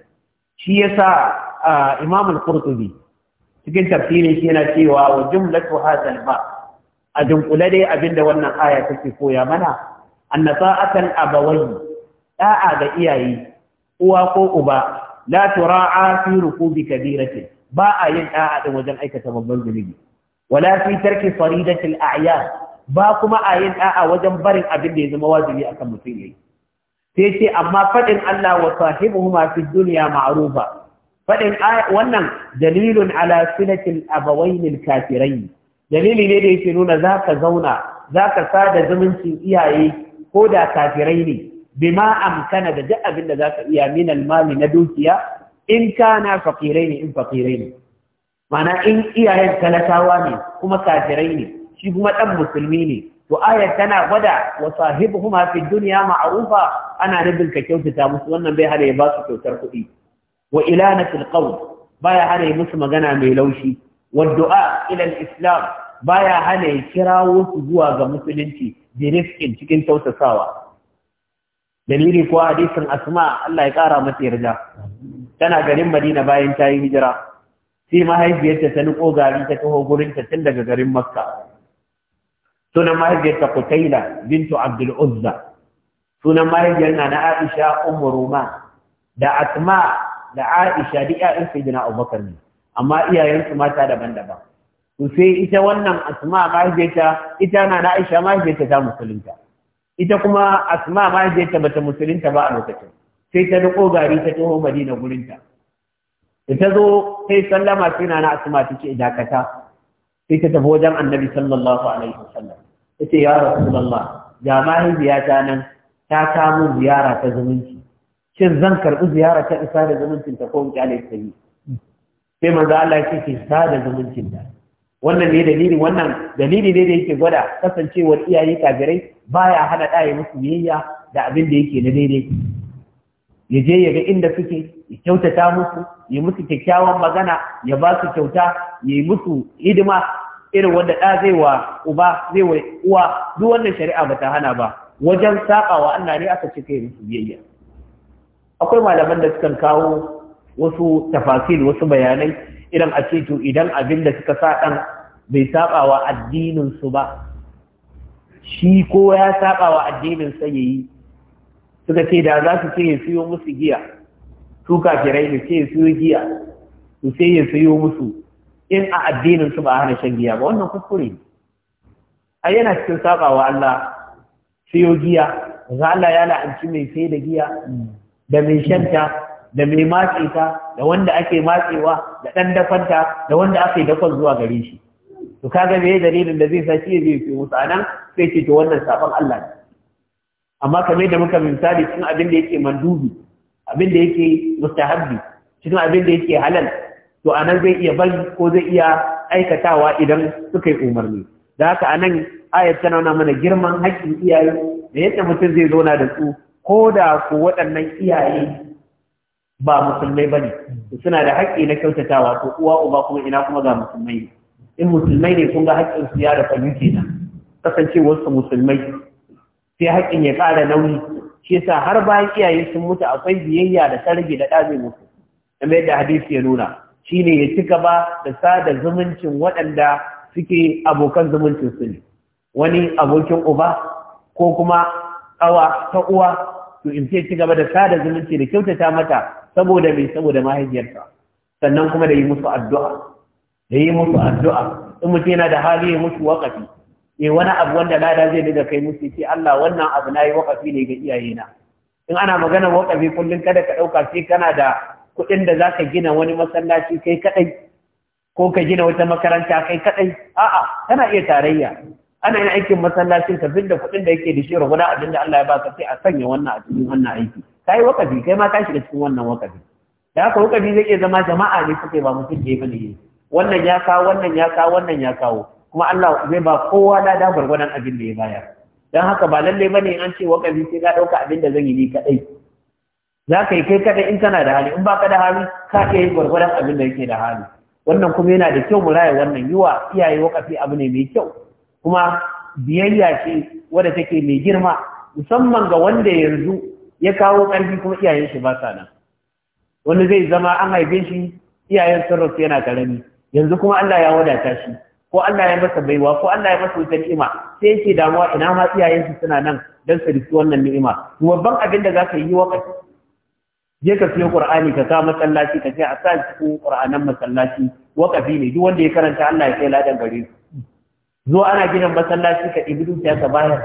shi yasa imam al-qurtubi cikin tafsirin shi yana cewa wa jumlatu hadal ba a dunkule dai abinda wannan aya take koya mana annasa'atan abawai da'a ga iyaye uwa ko uba la tura'a fi rukubi kabiratin ba a yin da'a din wajen aikata babban zunubi wala fi tarki faridatil a'yan ba kuma a yin da'a wajen barin abin da ya zama wajibi akan mutum yayi sai ce amma fadin Allah wa sahibuhuma fi dunya ma'rufa faɗin wannan dalilun ala silatil abawainil kafirai dalili ne da yake nuna za ka zauna za ka sada zumuncin iyaye ko da kafirai ne bima amkana da duk abin da za ka iya min almali na dukiya in kana fakirai ne in fakirai ne mana in iyayen talakawa ne kuma kafirai ne shi kuma ɗan musulmi ne to ayar tana gwada wa sahibuhuma fi dunya ma'rufa ana nabin ka kyautata musu wannan bai hada ya ba su kyautar kuɗi wa ilanatul qawl baya hana musu magana mai laushi wa du'a ila al-islam baya hana kirawo su zuwa ga musulunci da riskin cikin tausasawa dalili ko hadisin asma Allah ya kara mata yarda tana garin Madina bayan ta yi hijira sai mahaifiyarta ta niko gari ta taho gurin ta tun daga garin Makka sunan mahaifiyarta Qutayla bintu Abdul Uzza sunan mahaifiyar na Aisha ummu Ruma da Asma da Aisha duk ƴaƴan Sayyidina Abubakar ne amma iyayensu mata daban-daban to sai ita wannan Asma mahaifiyarta ita na Aisha mahaifiyarta ta musulunta ita kuma Asma mahaifiyarta bata musulunta ba a lokacin sai ta riko gari ta taho Madina gurinta da ta zo sai sallama sai na Asma ta ce dakata sai ta tafi wajen Annabi sallallahu alaihi wasallam ta ce ya Rasulullah ya mahaifiyata nan ta samu ziyara ta zumunci shin zan karɓi ziyara ta isa da zumuncin ko in kyale ta yi sai manzo Allah yake ki isa da zumuncin wannan ne dalili wannan dalili ne da yake gwada kasancewar iyaye kafirai baya hana ɗaya musu biyayya da abin da yake na daidai ya je ya ga inda suke ya kyautata musu ya musu kyakkyawan magana ya ba su kyauta ya yi musu hidima irin wanda ɗa zai wa uba zai wa uwa duk wannan shari'a ba ta hana ba wajen saɓawa Allah ne aka ce kai musu biyayya akwai malaman da suka kawo wasu tafasil wasu bayanai idan a ce to idan abin da suka sa ɗan bai saba wa addinin ba shi ko ya saba wa addinin sa yayi suka ce da za su ce ya siyo musu giya su kafirai ne ce ya siyo giya su sai ya siyo musu in a addinin su ba hana shan giya ba wannan kuskure ne a yana cikin saba wa Allah siyo giya za Allah ya la'anci mai sai da giya da mai shanta da mai matse ta da wanda ake matsewa da ɗan dafanta da wanda aka yi dafan zuwa gare shi to kaga me dalilin da zai sa shi zai fi musu anan sai ce to wannan sabon Allah ne amma kamar da muka misali cikin abin da yake mandubi abin da yake mustahabbi cikin abin da yake halal to anan zai iya bari ko zai iya aikatawa idan suka yi umarni da haka anan ayat tana nuna mana girman haƙƙin iyaye da yadda mutum zai zauna da su ko da ku waɗannan iyaye ba musulmai bane suna da haƙƙi na kyautatawa to uwa uba kuma ina kuma ga musulmai in musulmai ne kun ga haƙƙin su ya da fanyu kenan kasance wasu musulmai sai haƙƙin ya ƙara nauyi shi yasa har bayan iyaye sun mutu akwai biyayya da tarihi da ɗabe musu kamar yadda hadisi ya nuna shine ya ci gaba da sada zumuncin waɗanda suke abokan zumuncin su ne wani abokin uba ko kuma ƙawa ta uwa to in ce ci gaba da sada zumunci da kyautata mata saboda mai saboda mahaifiyarta sannan kuma da yi musu addu'a da yi musu addu'a in mutum yana da hali ya mutu wakafi eh wani abu wanda lada zai daga kai musu ce Allah wannan abu na yi wakafi ne ga iyaye na. in ana magana wakafi kullum kada ka ɗauka sai kana da kuɗin da za ka gina wani masallaci kai kaɗai ko ka gina wata makaranta kai kaɗai a'a kana iya tarayya ana yin aikin masallacin ka da kuɗin da yake da shi rubuna abinda Allah ya baka sai a sanya wannan a cikin wannan aiki kai wakafi kai ma ka shiga cikin wannan wakafi da haka wakafi zai iya zama jama'a ne suke ba mutum ke bane yi wannan ya kawo wannan ya kawo wannan ya kawo kuma Allah zai ba kowa da lada gwargwadon abin da ya bayar dan haka ba lalle bane an ce wakafi sai ka dauka abin da zan yi ni kadai za ka yi kai kadai in kana da hali in baka da hali ka ke yi gwargwadon abin da yake da hali wannan kuma yana da kyau mu raya wannan yiwa iyaye wakafi abu ne mai kyau kuma biyayya ce wadda take mai girma musamman ga wanda yanzu ya kawo ƙarfi kuma iyayen shi ba sa nan wani zai zama an haife shi iyayen sun rasu yana karami yanzu kuma Allah ya wadata shi ko Allah ya masa baiwa ko Allah ya masa wata ni'ima sai yake damuwa ina ma iyayen shi suna nan dan su rufe wannan ni'ima to babban abin da zaka yi wakati je ka siyo Qur'ani ka ka masallaci ka je a sa cikin Qur'anan masallaci waƙafi ne duk wanda ya karanta Allah ya kai ladan gare su zo ana gina masallaci ka ɗibi ta ka bayar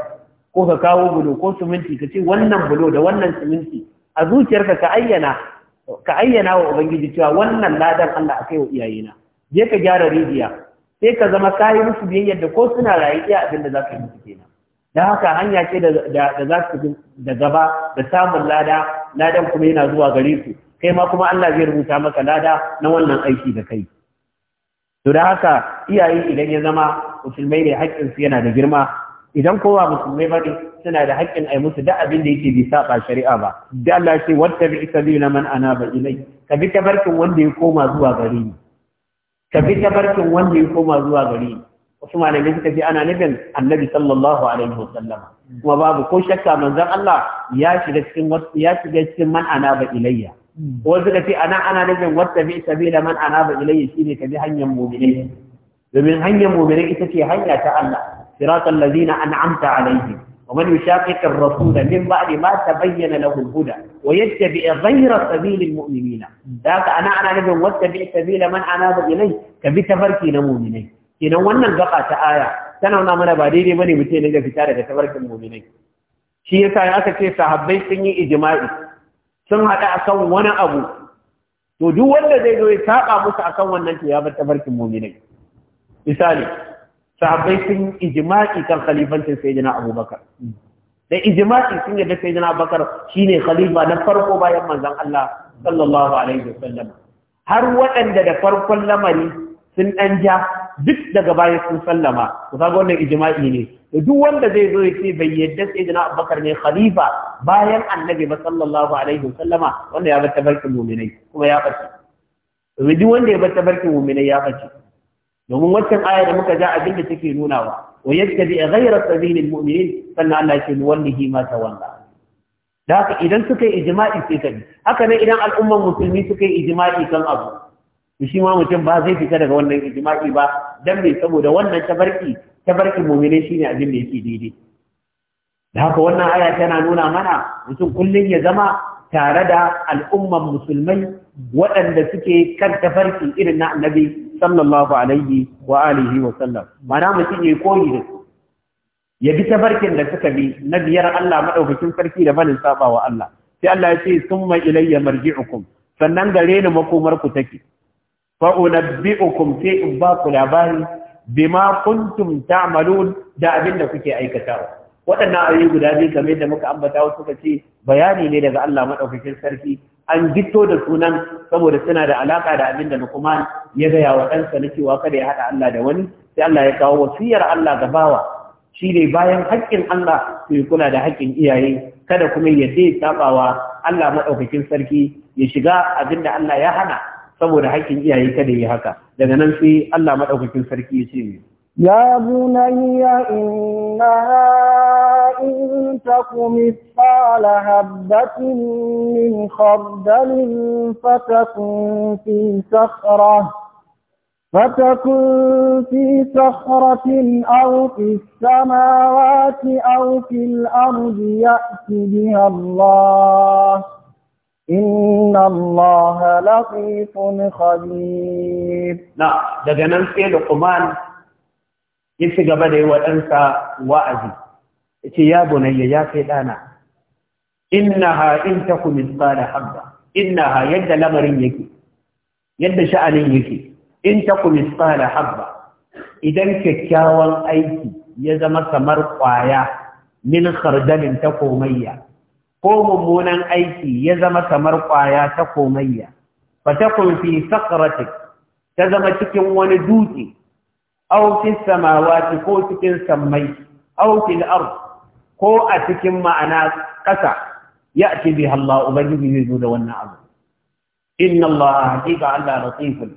ko ka kawo bulo ko siminti ka ce wannan bulo da wannan siminti a zuciyarka ka ayyana ka ayyana wa ubangiji cewa wannan ladan Allah akai wa iyayena je ka gyara rijiya sai ka zama kayan musu biyayyar da ko suna rayu abinda da za ka yi musu kenan da haka hanya ce da za su da gaba da samun lada ladan kuma yana zuwa gare su kai ma kuma Allah zai rubuta maka lada na wannan aiki da kai to da haka iyaye idan ya zama musulmai ne haƙƙin su yana da girma idan kowa musulmai ba ne suna da haƙƙin ai musu da abin da yake bisa saba shari'a ba da Allah ce wata bi sabila man ilai ka bi tabarkin wanda ya koma zuwa gare ni ka bi tabarkin wanda ya koma zuwa gare ni wasu malamai suka ce ana nufin annabi sallallahu alaihi kuma babu ko shakka manzon Allah ya shiga cikin ya shiga cikin man ilayya wasu suka ce ana ana nufin wata bi sabila man anaba ilayya ne ka bi hanyar domin hanyar mu'minai ita ce hanya ta Allah siratal ladina an'amta alaihim ومن يشاقق الرسول من بعد ما تبين له الهدى ويتبع غير سبيل المؤمنين bi انا انا نبي واتبع سبيل من ka bi tafarki na المؤمنين kina wannan gaba ta aya tana nuna mana ba daidai bane mutum ne da fita daga tafarkin mu'minai shi yasa aka ce sahabbai sun yi ijma'i sun haɗa akan wani abu to duk wanda zai zo ya saba musu akan wannan ke ya bar tafarkin mu'minai misali sahabbai sun ijima'i kan khalifancin sayyidina Abubakar da ijma'i sun yadda sayyidina Abubakar shine khalifa na farko bayan manzon Allah sallallahu alaihi wasallam har waɗanda da farkon lamari sun ɗan ja duk daga baya sun sallama ku kaga wannan ijma'i ne duk wanda zai zo ya ce bai yadda sai jina Abubakar ne khalifa bayan annabi ba sallallahu alaihi wasallama wanda ya bar tabarkin mu'minai kuma ya bace domin duk wanda ya bar tabarkin mu'minai ya bace domin waccan aya da muka ja abin da take nunawa wa yattabi ghayra sabilil mu'minin sannan Allah ya ce wallahi ma tawalla da haka idan suka yi ijima'i sai ka bi haka ne idan al'umman musulmi suka yi ijima'i kan abu shi ma mutum ba zai fita daga wannan ijma'i ba dan me saboda wannan tabarki tabarkin mu'mini shine abin da yake daidai da haka wannan aya tana nuna mana mutum kullum ya zama tare da al'umman musulmai waɗanda suke kan tafarki irin na annabi sallallahu alaihi wa alihi wa sallam mana mutum ya koyi da su ya bi tafarkin da suka bi na biyar Allah madaukakin sarki da banin saba wa Allah sai Allah ya ce summa ilayya marji'ukum sannan gare ni makomar ku take fa unabbi'ukum sai in ba labari bima kuntum malu da abin da kuke aikatawa waɗannan ayoyi guda biyu game da muka ambata wasu suka ce bayani ne daga Allah maɗaukacin sarki an gito da sunan saboda suna da alaka da abin da Luqman ya gaya wa ɗansa na cewa kada ya haɗa Allah da wani sai Allah ya kawo wasiyar Allah ga bawa shine bayan haƙƙin Allah to ya kula da haƙƙin iyaye kada kuma ya dai sabawa Allah madaukakin sarki ya shiga abin da Allah ya hana saboda haƙƙin iyaye kada yi haka daga nan sai Allah madaukakin sarki ya ce ne يا بني إنها إن تك مثقال هبة من خردل فتكن في صخرة فتكن في صخرة أو في السماوات أو في الأرض يأتي بها الله Inna Allah latifun khabir. Na, daga nan sai Luqman ya gaba da yi wa ɗansa wa'azi. Ya ce, Ya bunayya, ya kai ɗana, inna ha in ta ku misƙala habba, inna ha yadda lamarin yake, yadda sha'anin yake, in ta ku misƙala habba, idan kyakkyawan aiki ya zama kamar ƙwaya min khardalin ta komayya, ko mummunan aiki ya zama kamar ƙwaya ta komayya fatakun fi sakratik ta zama cikin wani dutse aw fi samawati ko cikin sammai aw fil ard ko a cikin ma'ana ƙasa ya'ti biha Allah ubangiji zai zo da wannan abu inna Allah haqiqa Allah latifun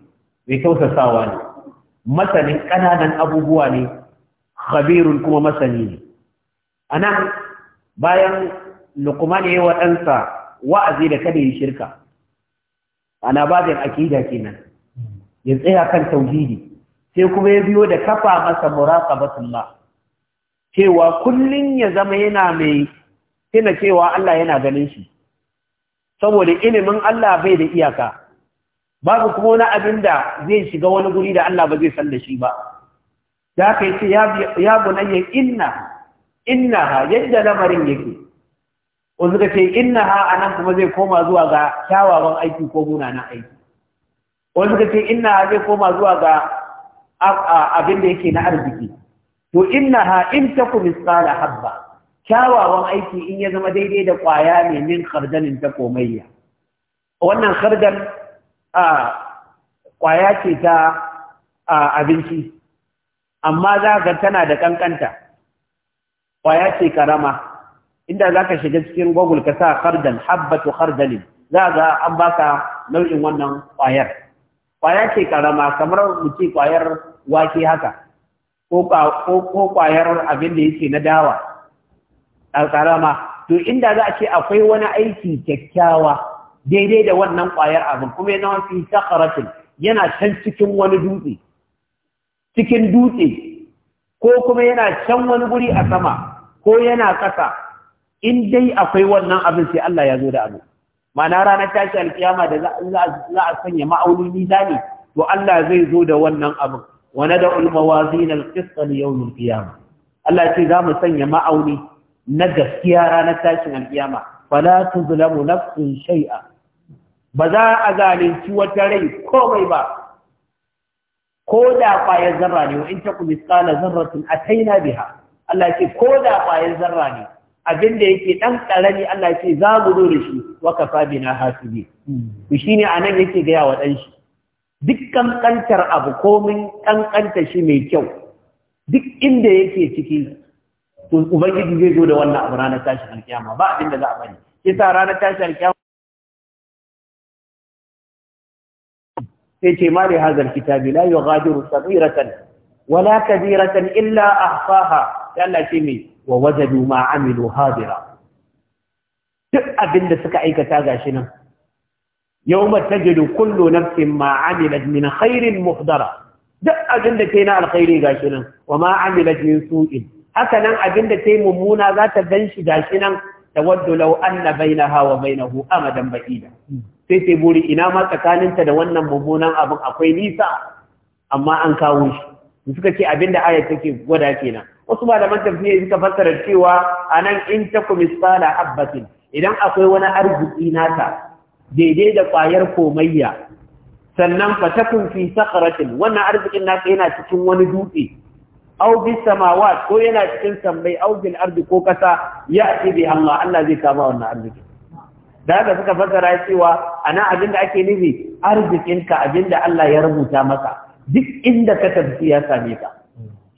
bai tausasawa ne masanin ƙananan abubuwa ne khabirun kuma masani ne anan bayan luqman yayi wa ɗansa wa'azi da kada yi shirka ana babin akida kenan ya tsaya kan tauhidi sai kuma ya biyo da kafa masa muraqabatullah cewa kullum ya zama yana mai tuna cewa Allah yana ganin shi saboda ilimin Allah bai da iyaka babu kuma wani abin da zai shiga wani guri da Allah ba zai san da shi ba da aka ce ya bunayya inna inna yadda lamarin yake ko suka ce ha a nan kuma zai koma zuwa ga kyawawan aiki ko munanan aiki ko suka ce ha zai koma zuwa ga abin da yake na arziki to ha in taku misqala habba kyawawan aiki in ya zama daidai da kwaya ne min khardalin ta komayya wannan khardal a kwaya ce ta abinci amma za ga tana da kankanta kwaya ce karama inda za ka shiga cikin google ka sa kardan habbatu kardalin za ga an baka nau'in wannan ƙwayar kwaya ce karama kamar muke kwayar ƙwayar wake haka ko ƙwayar abin da yake na dawa karama to inda za a ce akwai wani aiki kyakkyawa daidai da wannan ƙwayar abin kuma yana wasu sakaratin yana can cikin wani dutse cikin dutse ko kuma yana can wani guri a sama ko yana ƙasa in dai akwai wannan abin sai Allah ya zo da abu ma'ana ranar tashi alkiyama da za a sanya ma'auni mizani to Allah zai zo da wannan abin wa nad'ul mawazin al-qist li yawm al-qiyama Allah ce za mu sanya ma'auni na gaskiya ranar tashin alkiyama fala tuzlamu nafsun shay'a ba za a zalunci wata rai komai ba ko da kwayar zarra ne wa in takum misqala zarratin ataina biha Allah ce ko da kwayar zarra ne abin da yake ɗan karami Allah ce za mu zo da shi wa kafa bina hasibi to a nan yake gaya wa ɗanshi. duk ƙanƙantar abu komin kankanta shi mai kyau duk inda yake ciki to ubangiji zai zo da wannan abu ranar tashin alkiyama ba abin da za a bari yasa ranar tashin alkiyama sai ce ma li hadal kitabi la yughadiru saghiratan wala kabiratan illa ahsaha Allah ce mai wa wajadu ma amilu hadira duk abin da suka aikata gashi nan yawma tajidu kullu nafsin ma amilat min khairin muhdara duk abin da kai na alkhairi gashi nan wa ma amilat min su'in haka nan abin da kai mummuna za ta ganshi gashi nan tawaddu law anna bainaha wa bainahu amadan ba'ida sai sai buri ina ma tsakaninta da wannan mummunan abin akwai nisa amma an kawo shi suka ce abin da aya take gwada kenan wasu malaman tafsiri suka fassara cewa a nan in takum misala habbatin idan akwai wani arziki naka daidai da kwayar komayya sannan fatakun fi sakaratin wannan arzikin naka yana cikin wani dutse au bi samawa ko yana cikin sambai au bil ardi ko kasa ya ce bi Allah Allah zai kama wannan arziki da haka suka fassara cewa ana abin da ake nufi arzikinka abin da Allah ya rubuta maka duk inda ka tafi ya same ka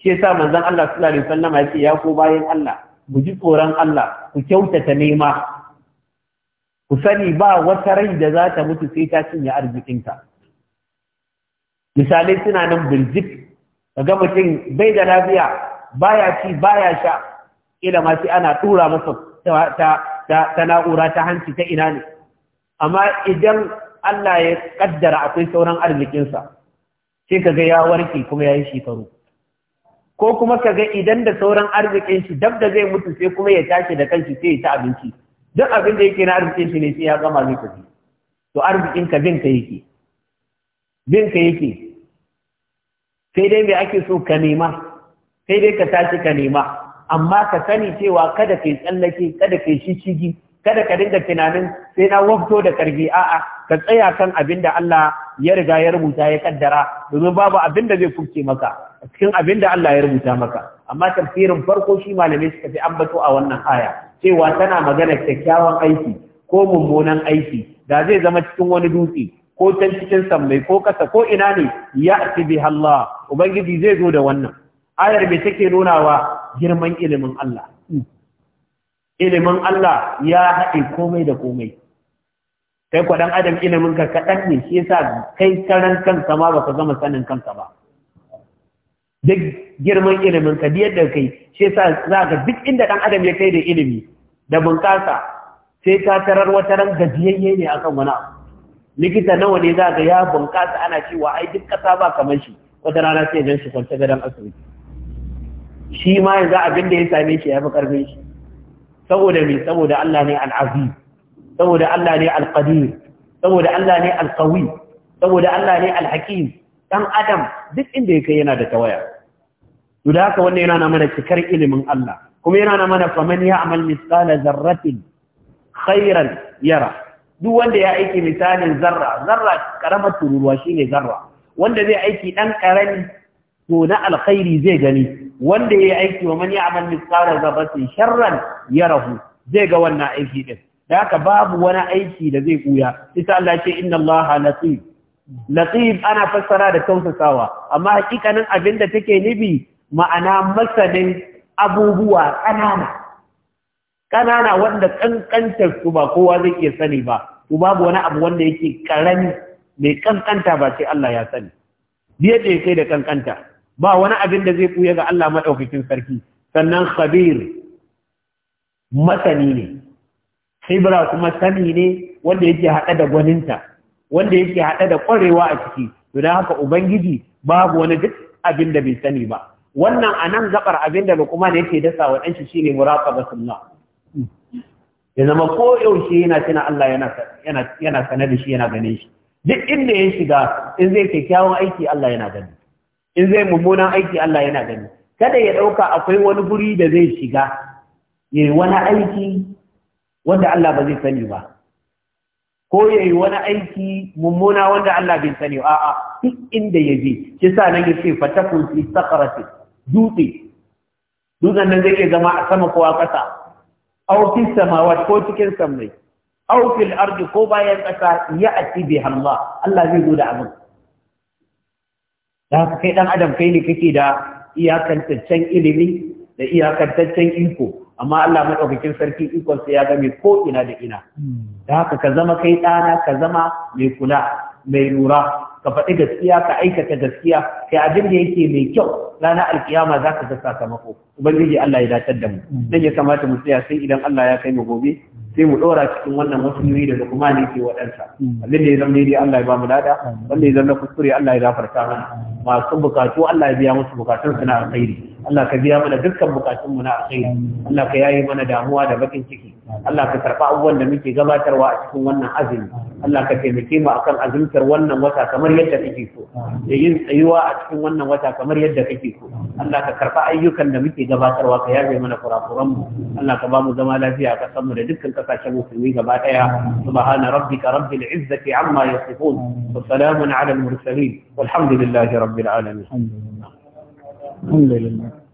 shi yasa manzon Allah sallallahu alaihi wasallam ya ce ya ko bayan Allah ku ji tsoron Allah ku kyautata nema ku sani ba wata rai da za ta mutu sai ta cinye arzikinta misalai suna nan birjik ga mutum bai da lafiya baya ci baya sha ila ma sai ana tura masa ta na'ura ta hanci ta ina ne amma idan Allah ya kaddara akwai sauran arzikinsa sai ka ga ya warke kuma ya yi shekaru ko kuma ka ga idan da sauran arzikin shi dab da zai mutu sai kuma ya tashi da kanshi sai ya ci abinci duk abin da yake na arzikin shi ne sai ya gama zai tafi to arzikin ka bin ka yake bin ka yake sai dai me ake so ka nema sai dai ka tashi ka nema amma ka sani cewa kada kai tsallake kada kai shishigi kada ka dinga tunanin sai na wafto da karfi a'a ka tsaya kan abin da Allah ya riga ya rubuta ya kaddara domin babu abin da zai kuke maka cikin abin da Allah ya rubuta maka amma tafsirin farko shi malamai suka fi ambato a wannan aya cewa tana magana kyakkyawan aiki ko mummunan aiki da zai zama cikin wani dutse ko can cikin sammai ko kasa ko ina ne ya ati bi Allah ubangiji zai zo da wannan ayar me take nuna wa girman ilimin Allah ilimin Allah ya haɗe komai da komai kai kwadan adam ilimin ka kaɗan ne shi yasa kai karan kanka ma baka gama sanin kanka ba duk girman ilimin ka biyar da kai shi sa za ka duk inda dan adam ya kai da ilimi da bunƙasa sai ka tarar wata ran gajiyayye ne akan wani abu likita nawa ne za ga ya bunƙasa ana cewa ai duk ƙasa ba kamar shi wata rana sai gan shi kwanta gadon asibiti shi ma yanzu abin da ya same shi ya fi ƙarfin shi saboda me saboda Allah ne al saboda Allah ne al saboda Allah ne al saboda Allah ne alhakim hakim dan adam duk inda ya kai yana da tawaya to da haka wannan yana na mana cikar ilimin Allah kuma yana na mana faman ya amal misqala zarratin khairan yara duk wanda ya aiki misalin zarra zarra karamar tururuwa shine zarra wanda zai aiki dan karami to na alkhairi zai gani wanda ya aiki wa man ya amal misqala zarratin sharran yarahu zai ga wannan aiki din da haka babu wani aiki da zai kuya Ita Allah ce inna Allah latif latif ana fassara da tausasawa amma hakikanin abinda take nibi. ma'ana masanin abubuwa ƙanana ƙanana wanda ƙanƙantar su ba kowa zai iya sani ba to babu wani abu wanda yake ƙarami mai ƙanƙanta ba sai Allah ya sani biye da kai da ƙanƙanta ba wani abin da zai kuya ga Allah maɗaukakin sarki sannan khabir masani ne khibra kuma sani ne wanda yake haɗa da gwaninta wanda yake haɗa da ƙwarewa a ciki to don haka ubangiji babu wani duk abin da bai sani ba wannan a nan gabar abin da lukuma ne yake dasa wa ɗanshi shi ne suna. ya zama ko yaushe yana tuna Allah yana sane da shi yana ganin shi duk inda ya shiga in zai kyakkyawan aiki Allah yana gani in zai mummunan aiki Allah yana gani kada ya ɗauka akwai wani guri da zai shiga ya yi wani aiki wanda Allah ba zai sani ba ko ya yi wani aiki mummuna wanda Allah bai sani a'a duk inda ya je shi sa nan yace fatakun fi sakarati dutse dutsen nan zai zama a sama ko a ƙasa aw fi samawat ko cikin sammai aw fil ardi ko bayan ƙasa ya ati bi Allah Allah zai zo da abin da kai dan adam kai ne kake da iyakantaccen ilimi da iyakantaccen iko amma Allah maɗaukakin sarki ikon sai ya ga ko ina da ina hmm. da haka ka zama kai ɗana ka zama mai kula mai lura ka faɗi gaskiya ka aikata gaskiya kai abin da yake mai kyau rana alkiyama za ka ga sakamako ubangiji Allah ya datar da mu dan ya kamata mu tsaya sai idan Allah ya kai mu gobe sai mu ɗora cikin wannan wasuyoyi da kuma ne ke waɗansa abin da ya zama daidai Allah ya ba mu lada wanda ya zama kuskure Allah ya gafarta mana masu bukatu Allah ya biya musu bukatun suna alkhairi Allah ka biya mana dukkan bukatun mu na alkhairi Allah ka yayi mana damuwa da bakin ciki Allah ka karba abubuwan da muke gabatarwa a cikin wannan azumi Allah ka taimake mu akan azumtar wannan wata kamar yadda kake so da yin tsayuwa a cikin wannan wata kamar yadda kake so Allah ka karba ayyukan da muke gabatarwa ka yaye mana kurakuran mu Allah ka ba mu zama lafiya a kasar mu da dukkan kasashen musulmi gaba daya subhana rabbika rabbil izzati amma yasifun wa salamun ala al mursalin والحمد لله رب العالمين الحمد لله